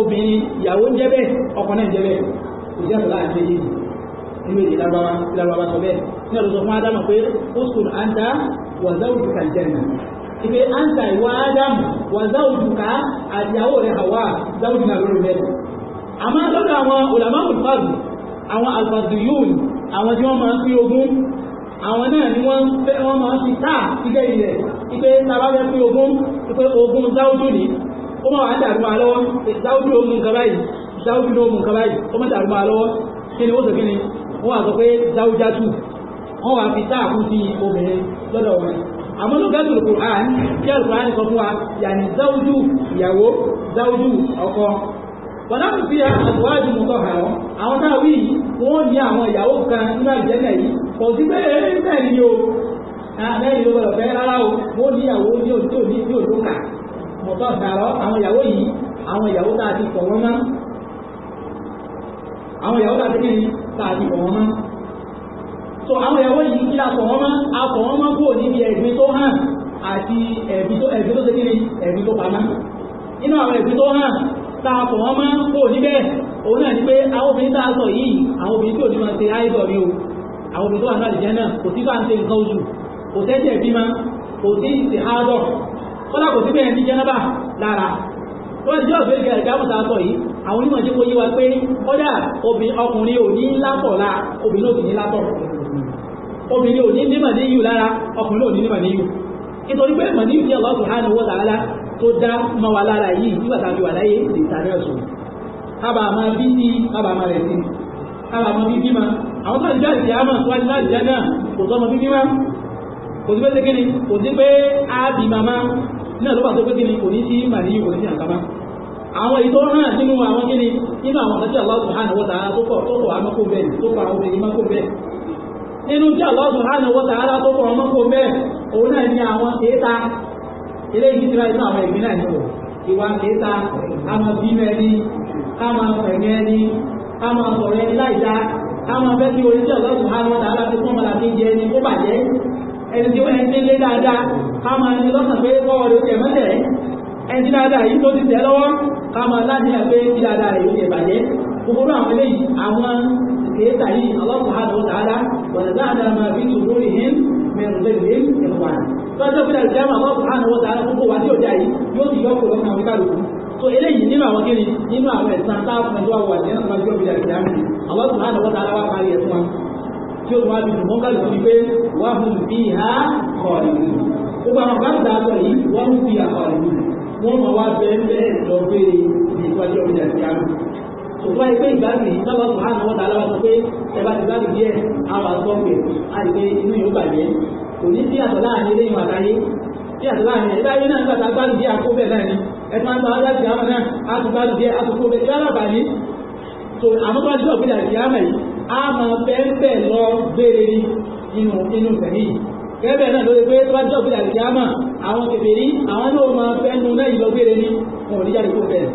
obìnrin ìyàwó ń jẹ́ bẹ́ẹ̀ ọkọ náà ń jẹ́ bẹ́ẹ̀ kò sí àtúlá àti méjì nínú èdè lábábá ti lábábá sọ bẹ́ẹ̀ ní ọ̀dọ̀ sọ fún ádámà pé ó sùn àǹtà wà záwùjù kàlìjẹ́ ìpè ansa ìwà ádámù wà záwùjùká àtìyàwó rẹ̀ Hawa záwùjùká lórí rẹ̀ àmọ́ lọ́dọ̀ àwọn ulama al-fardh àwọn al-fardhiyun àwọn tí wọ́n máa fi ogún àwọn náà ni wọ́n fẹ́ wọ́n máa ń fi táà sílẹ̀ ilẹ̀ ìpè tàbá fẹ́ fi ogún ìpè ogún záwùjù ni ó máa wà dàrú ma lọ́wọ́ záwùjù ló mú nǹkan báyìí záwùjù ló mú nǹkan báyìí ó máa dàrú ma lọ́wọ́ kí ó sọ kí ni wà sọ pé záwùjátù wọ́n wà fi táà kú sí obìnrin lọ́dọ̀ wọn àmọ́ ló gẹ́gẹ́ lòkù àn tí àlùkùrá ní sọ fún wa yàní záwùjú ìyàwó záwùjú ọkọ bọ̀dáàbù fi àtùwájú mú tọ́ka wọn àwọn náà wí wọ́n ní àwọn ìyàwó kan nínú àjẹ́nà yìí kò sí pé ẹni bẹ́ẹ̀ ni o lẹ́yìn ló gbọdọ̀ fẹ́ rárá o wọ́n ní ìyàwó ní òjò ní ní òjò kà mọ̀tọ́ ìdàrọ́ àwọn ìyàwó yìí àwọn ìyàwó tá a ti kọ̀ wọ́n mọ́ àwọn ìyàwó tá a ti kọ̀ àwọn ìyàwó yìí kí láàpọ̀ wọ́n má àpọ̀ kúrò níbi ẹ̀gbin tó hàn àti ẹ̀gbin tó ẹ̀gbin tó tẹ́kiri ẹ̀gbin tó pamá nínú àwọn ẹ̀gbin tó hàn tààpọ̀ wọ́n kúrò níbẹ̀ òun náà ni pé àwọn obìnrin tá a sọ yìí àwọn obìnrin tí ò ní máa ṣe áìsọ̀ mi o àwọn obìnrin tó wà náà lè jẹ́ náà kò sí bá ń ṣe nǹkan oṣù kò tẹ́jẹ̀ bímọ kò sí ìsìn áádọ̀ kọ́lá kò sí bẹ́ẹ̀ ní jẹ́nàbà lára wọ́n ti jẹ́ òfin ìgbà ìgbà mọ̀ta sọ yìí àwọn onímọ̀ tí kò wa pé kọ́dà ọkùnrin ò ní látọ̀ la obìnrin ò sì ní látọ̀ obìnrin ò ní ní màníyù lára ọkùnrin ò ní ní màníyù nítorí pé màníyù ní Allah subhanahu wa ta'ala tó dá mọ́ wa lára yìí nígbà tá a fi wà láyé lè tàbí ọ̀sùn kábà máa bí ní kábà máa rẹ̀ sí kábà máa bí bí ma àwọn tó ń jẹ́ ìdí àmọ́ tó wá ní láti jẹ́ náà kò tọ́ ọmọ bí bí ma kò sí pé ṣe kíni kò sí pé á bí màmá náà ló bá tó pé kíni kò ní sí màníyù kò ní sí àkàmá àwọn èyí tó hàn nínú àwọn kíni nínú àwọn ọ̀sán tí Allah subhanahu wa ta'ala tó pọ̀ tó pọ̀ àmọ́kò bẹ́ẹ̀ tó pọ̀ àwọn obìnrin mọ́kò bẹ́ẹ̀ nínú tí Allah subhanahu wa ta'ala tó kọ̀ ọmọ kò bẹ́ẹ̀ òun náà ní àwọn kéta eléyìí tí wọ́n inú àwọn ìgbín náà nìyẹn ìwà kéta a máa bí mẹ́ni a máa pẹ̀lú ẹni a máa sọ̀rọ̀ ẹni láì dá a máa fẹ́ kí orí tí Allah subhanahu wa ta'ala fi fún ọmọlá fi jẹ ẹni kó bàjẹ́ ẹni tí wọ́n ti lé dáadáa a máa ní lọ́sàn pé bọ́ọ̀lù ó tẹ̀ mọ́tẹ̀ ẹni tí dáadáa yìí tó kéèta yìí Allah subhanahu wa ta'ala wa naza'na ma fi sudurihim min ghillin ikhwana tọ́jọ́ pé àlùjáàmù Allah subhanahu wa ta'ala gbogbo wa tí ó jà yìí yóò ti yọ kúrò lọ́kàn wíkà lòkù so eléyìí nínú àwọn kiri nínú àwọn ẹ̀sán táàfù ẹjọ́ wà ní ọ̀nà ọjọ́ ìjà ìjáàmù Allah subhanahu wa ta'ala wá parí ẹ̀sùn wa tí ó wá bí ṣùgbọ́n ká lòkù pé wà hum fiha khalidun gbogbo àwọn bá gbà sọ yìí wà hum fiha khalidun wọ́n mọ̀ wá bẹ́ẹ̀ bẹ́ẹ̀ lọ pé ìtọ́jú ìjà ìjáàmù sọ̀tún báyìí pé ìgbàgbé ìjọba sùhánù wọn tààlà wọn sọ pé ẹ̀bá ti gbàgbé díẹ̀ àwọn àgbọ̀ngbè àti pé inú yóò bàjẹ́ kò ní sí àtọ̀ láàrin ilé ìwà àtàyé sí àtọ̀ láàrin ẹ̀dá yóò náà gbàgbé gbàgbé díẹ̀ àkó bẹ́ẹ̀ náà ni ẹ̀tọ́ máa ń gba ọjà ìyá náà á tún gbàgbé díẹ̀ á tún kó bẹ́ẹ̀ yálà bàjẹ́ so àmọ́ bá jọ òkúta ìyá mẹ́ yìí á máa fẹ́ẹ́ lọ gbére ni inú inú sẹ́yìn yìí gẹ́gẹ́ bẹ́ẹ̀ náà ló lè pé tó bá jọ òkúta ìyá mọ̀ àwọn kèfèrí àwọn náà máa fẹ́ẹ́ nu náà ìlọgbére ni wọn ò ní jáde kó bẹ́ẹ̀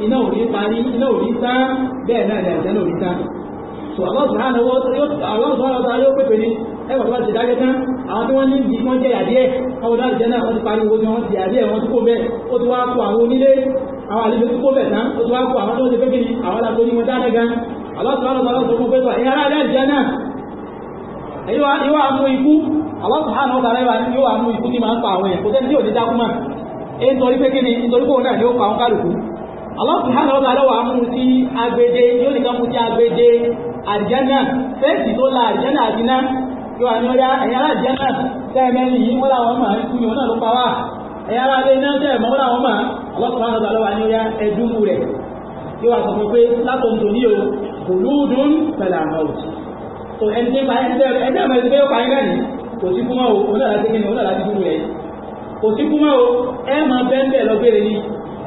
iná ò ní parí iná ò ní tán bẹ́ẹ̀ náà ni àjẹ́ náà ò ní so àwọn subhanahu wa ta'ala yóò pépè ní ẹgbẹ̀ tó bá ti dájẹ́ tán àwọn tí wọ́n ní ìdí wọ́n jẹ́ yàdíẹ̀ àwọn láti jẹ́ náà wọ́n ti parí owó tí wọ́n ti yàdíẹ̀ wọ́n ti kó bẹ́ẹ̀ ó ti wá kó àwọn onílé àwọn àlejò ti kó bẹ̀ tán ó ti wá kó àwọn tó ń ṣe pépè ní àwọn alágbó ní wọn dájẹ́ gan àwọn subhanahu wa ta'ala sọ fún pé sọ ẹ̀yà aráàlú àjẹ́ náà yóò wá mú ikú àwọn subhanahu wa ta'ala yóò wá pa àwọn èèyàn Allah subhanahu wa ta'ala wà á mú sí agbede yóò nìkan mú sí agbede àdìjánà fẹ́ẹ̀sì tó la àdìjánà àdìná yóò wà ní ọ̀dá ẹ̀yà àdìjánà sẹ́ẹ̀mẹ́rin yìí wọ́n làwọn máa ń kúnyọ̀ náà ló pa wá ẹ̀yà alẹ́ iná sẹ́ẹ̀ mọ́ làwọn máa Allah subhanahu wa ta'ala wà ní ọ̀dá ẹ̀dúnmù rẹ̀ yóò wà sọ fún pé látọ̀ntò ní o kòlúùdùn pẹ̀lú àmọ́ọ̀t so ẹni tí ẹgbẹ́ ọmọ ẹgbẹ́ ọkọ̀ ayé rẹ̀ kò sí kúmọ́ o onílàlá ti kí ni onílàlá ti dúró rẹ̀ kò sí kúmọ́ o ẹ máa bẹ́ẹ̀ bẹ́ẹ̀ lọ gbére ni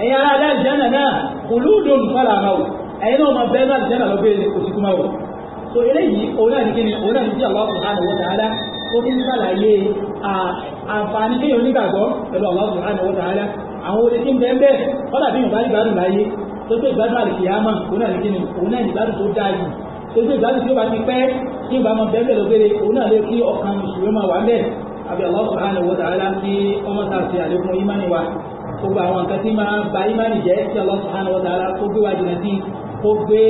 ẹ̀yin ará alẹ́ àlìjẹ́nà náà olóòdò nùfàlà àmà ò ẹ̀yin náà máa bẹ́ẹ̀ náà àlìjẹ́nà lọ́gbẹ́ òsìkú máa wò so eléyìí òun náà ní kí ni òun náà ní bí Allah subhanahu wa ta'ala ó fi ń sàlàyé àǹfààní kéèyàn onígbàgbọ́ pẹ̀lú Allah subhanahu wa ta'ala àwọn olè tí ń bẹ́ẹ̀ bẹ́ẹ̀ kọ́dà bí yorùbá ìgbádùn láyé tó tó ìgbádùn àlìkìyàmà òun náà ní kí ni òun náà ìgbádùn tó dáa yìí tó tó ìgbádùn tí ó bá ti pẹ́ tí ìbá máa bẹ́ẹ̀ bẹ́ẹ̀ lọ́gbẹ́rẹ́ òun náà lè kí ọkàn Allah subhanahu wa ta'ala kí ọmọ ta ṣe gbogbo àwọn nǹkan tí máa ba ìmánì jẹ́ tí Allah subhanahu wa ta'ala kó gbé wa jìnà sí kó gbé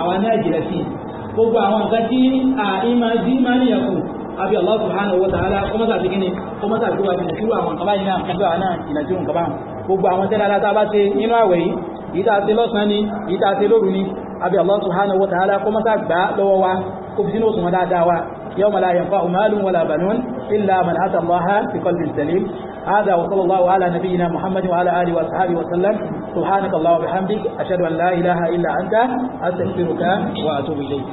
àwa náà jìnà sí gbogbo àwọn nǹkan tí ìmánì yẹn kù àbí Allah subhanahu wa ta'ala kó mọ́tà sí kíni kó mọ́tà gbé wa jìnà sí àwọn nǹkan báyìí náà gbé wa náà jìnà sí nǹkan báyìí gbogbo àwọn tẹ́lẹ̀ aláta bá ṣe nínú àwẹ̀ yìí yìí tá a ṣe lọ́sàn-án ni yìí tá a ṣe lóru ni àbí Allah subhanahu wa ta'ala kó mọ́tà gbà lọ́wọ́ wa kó fi sínú òṣùwọ̀n dáadáa wa yawma la yanfa'u malun wala banun illa man ata Allah bi qalbin هذا وصلى الله على نبينا محمد وعلى آله وأصحابه وسلم سبحانك الله وبحمدك أشهد أن لا إله إلا أنت أستغفرك وأتوب إليك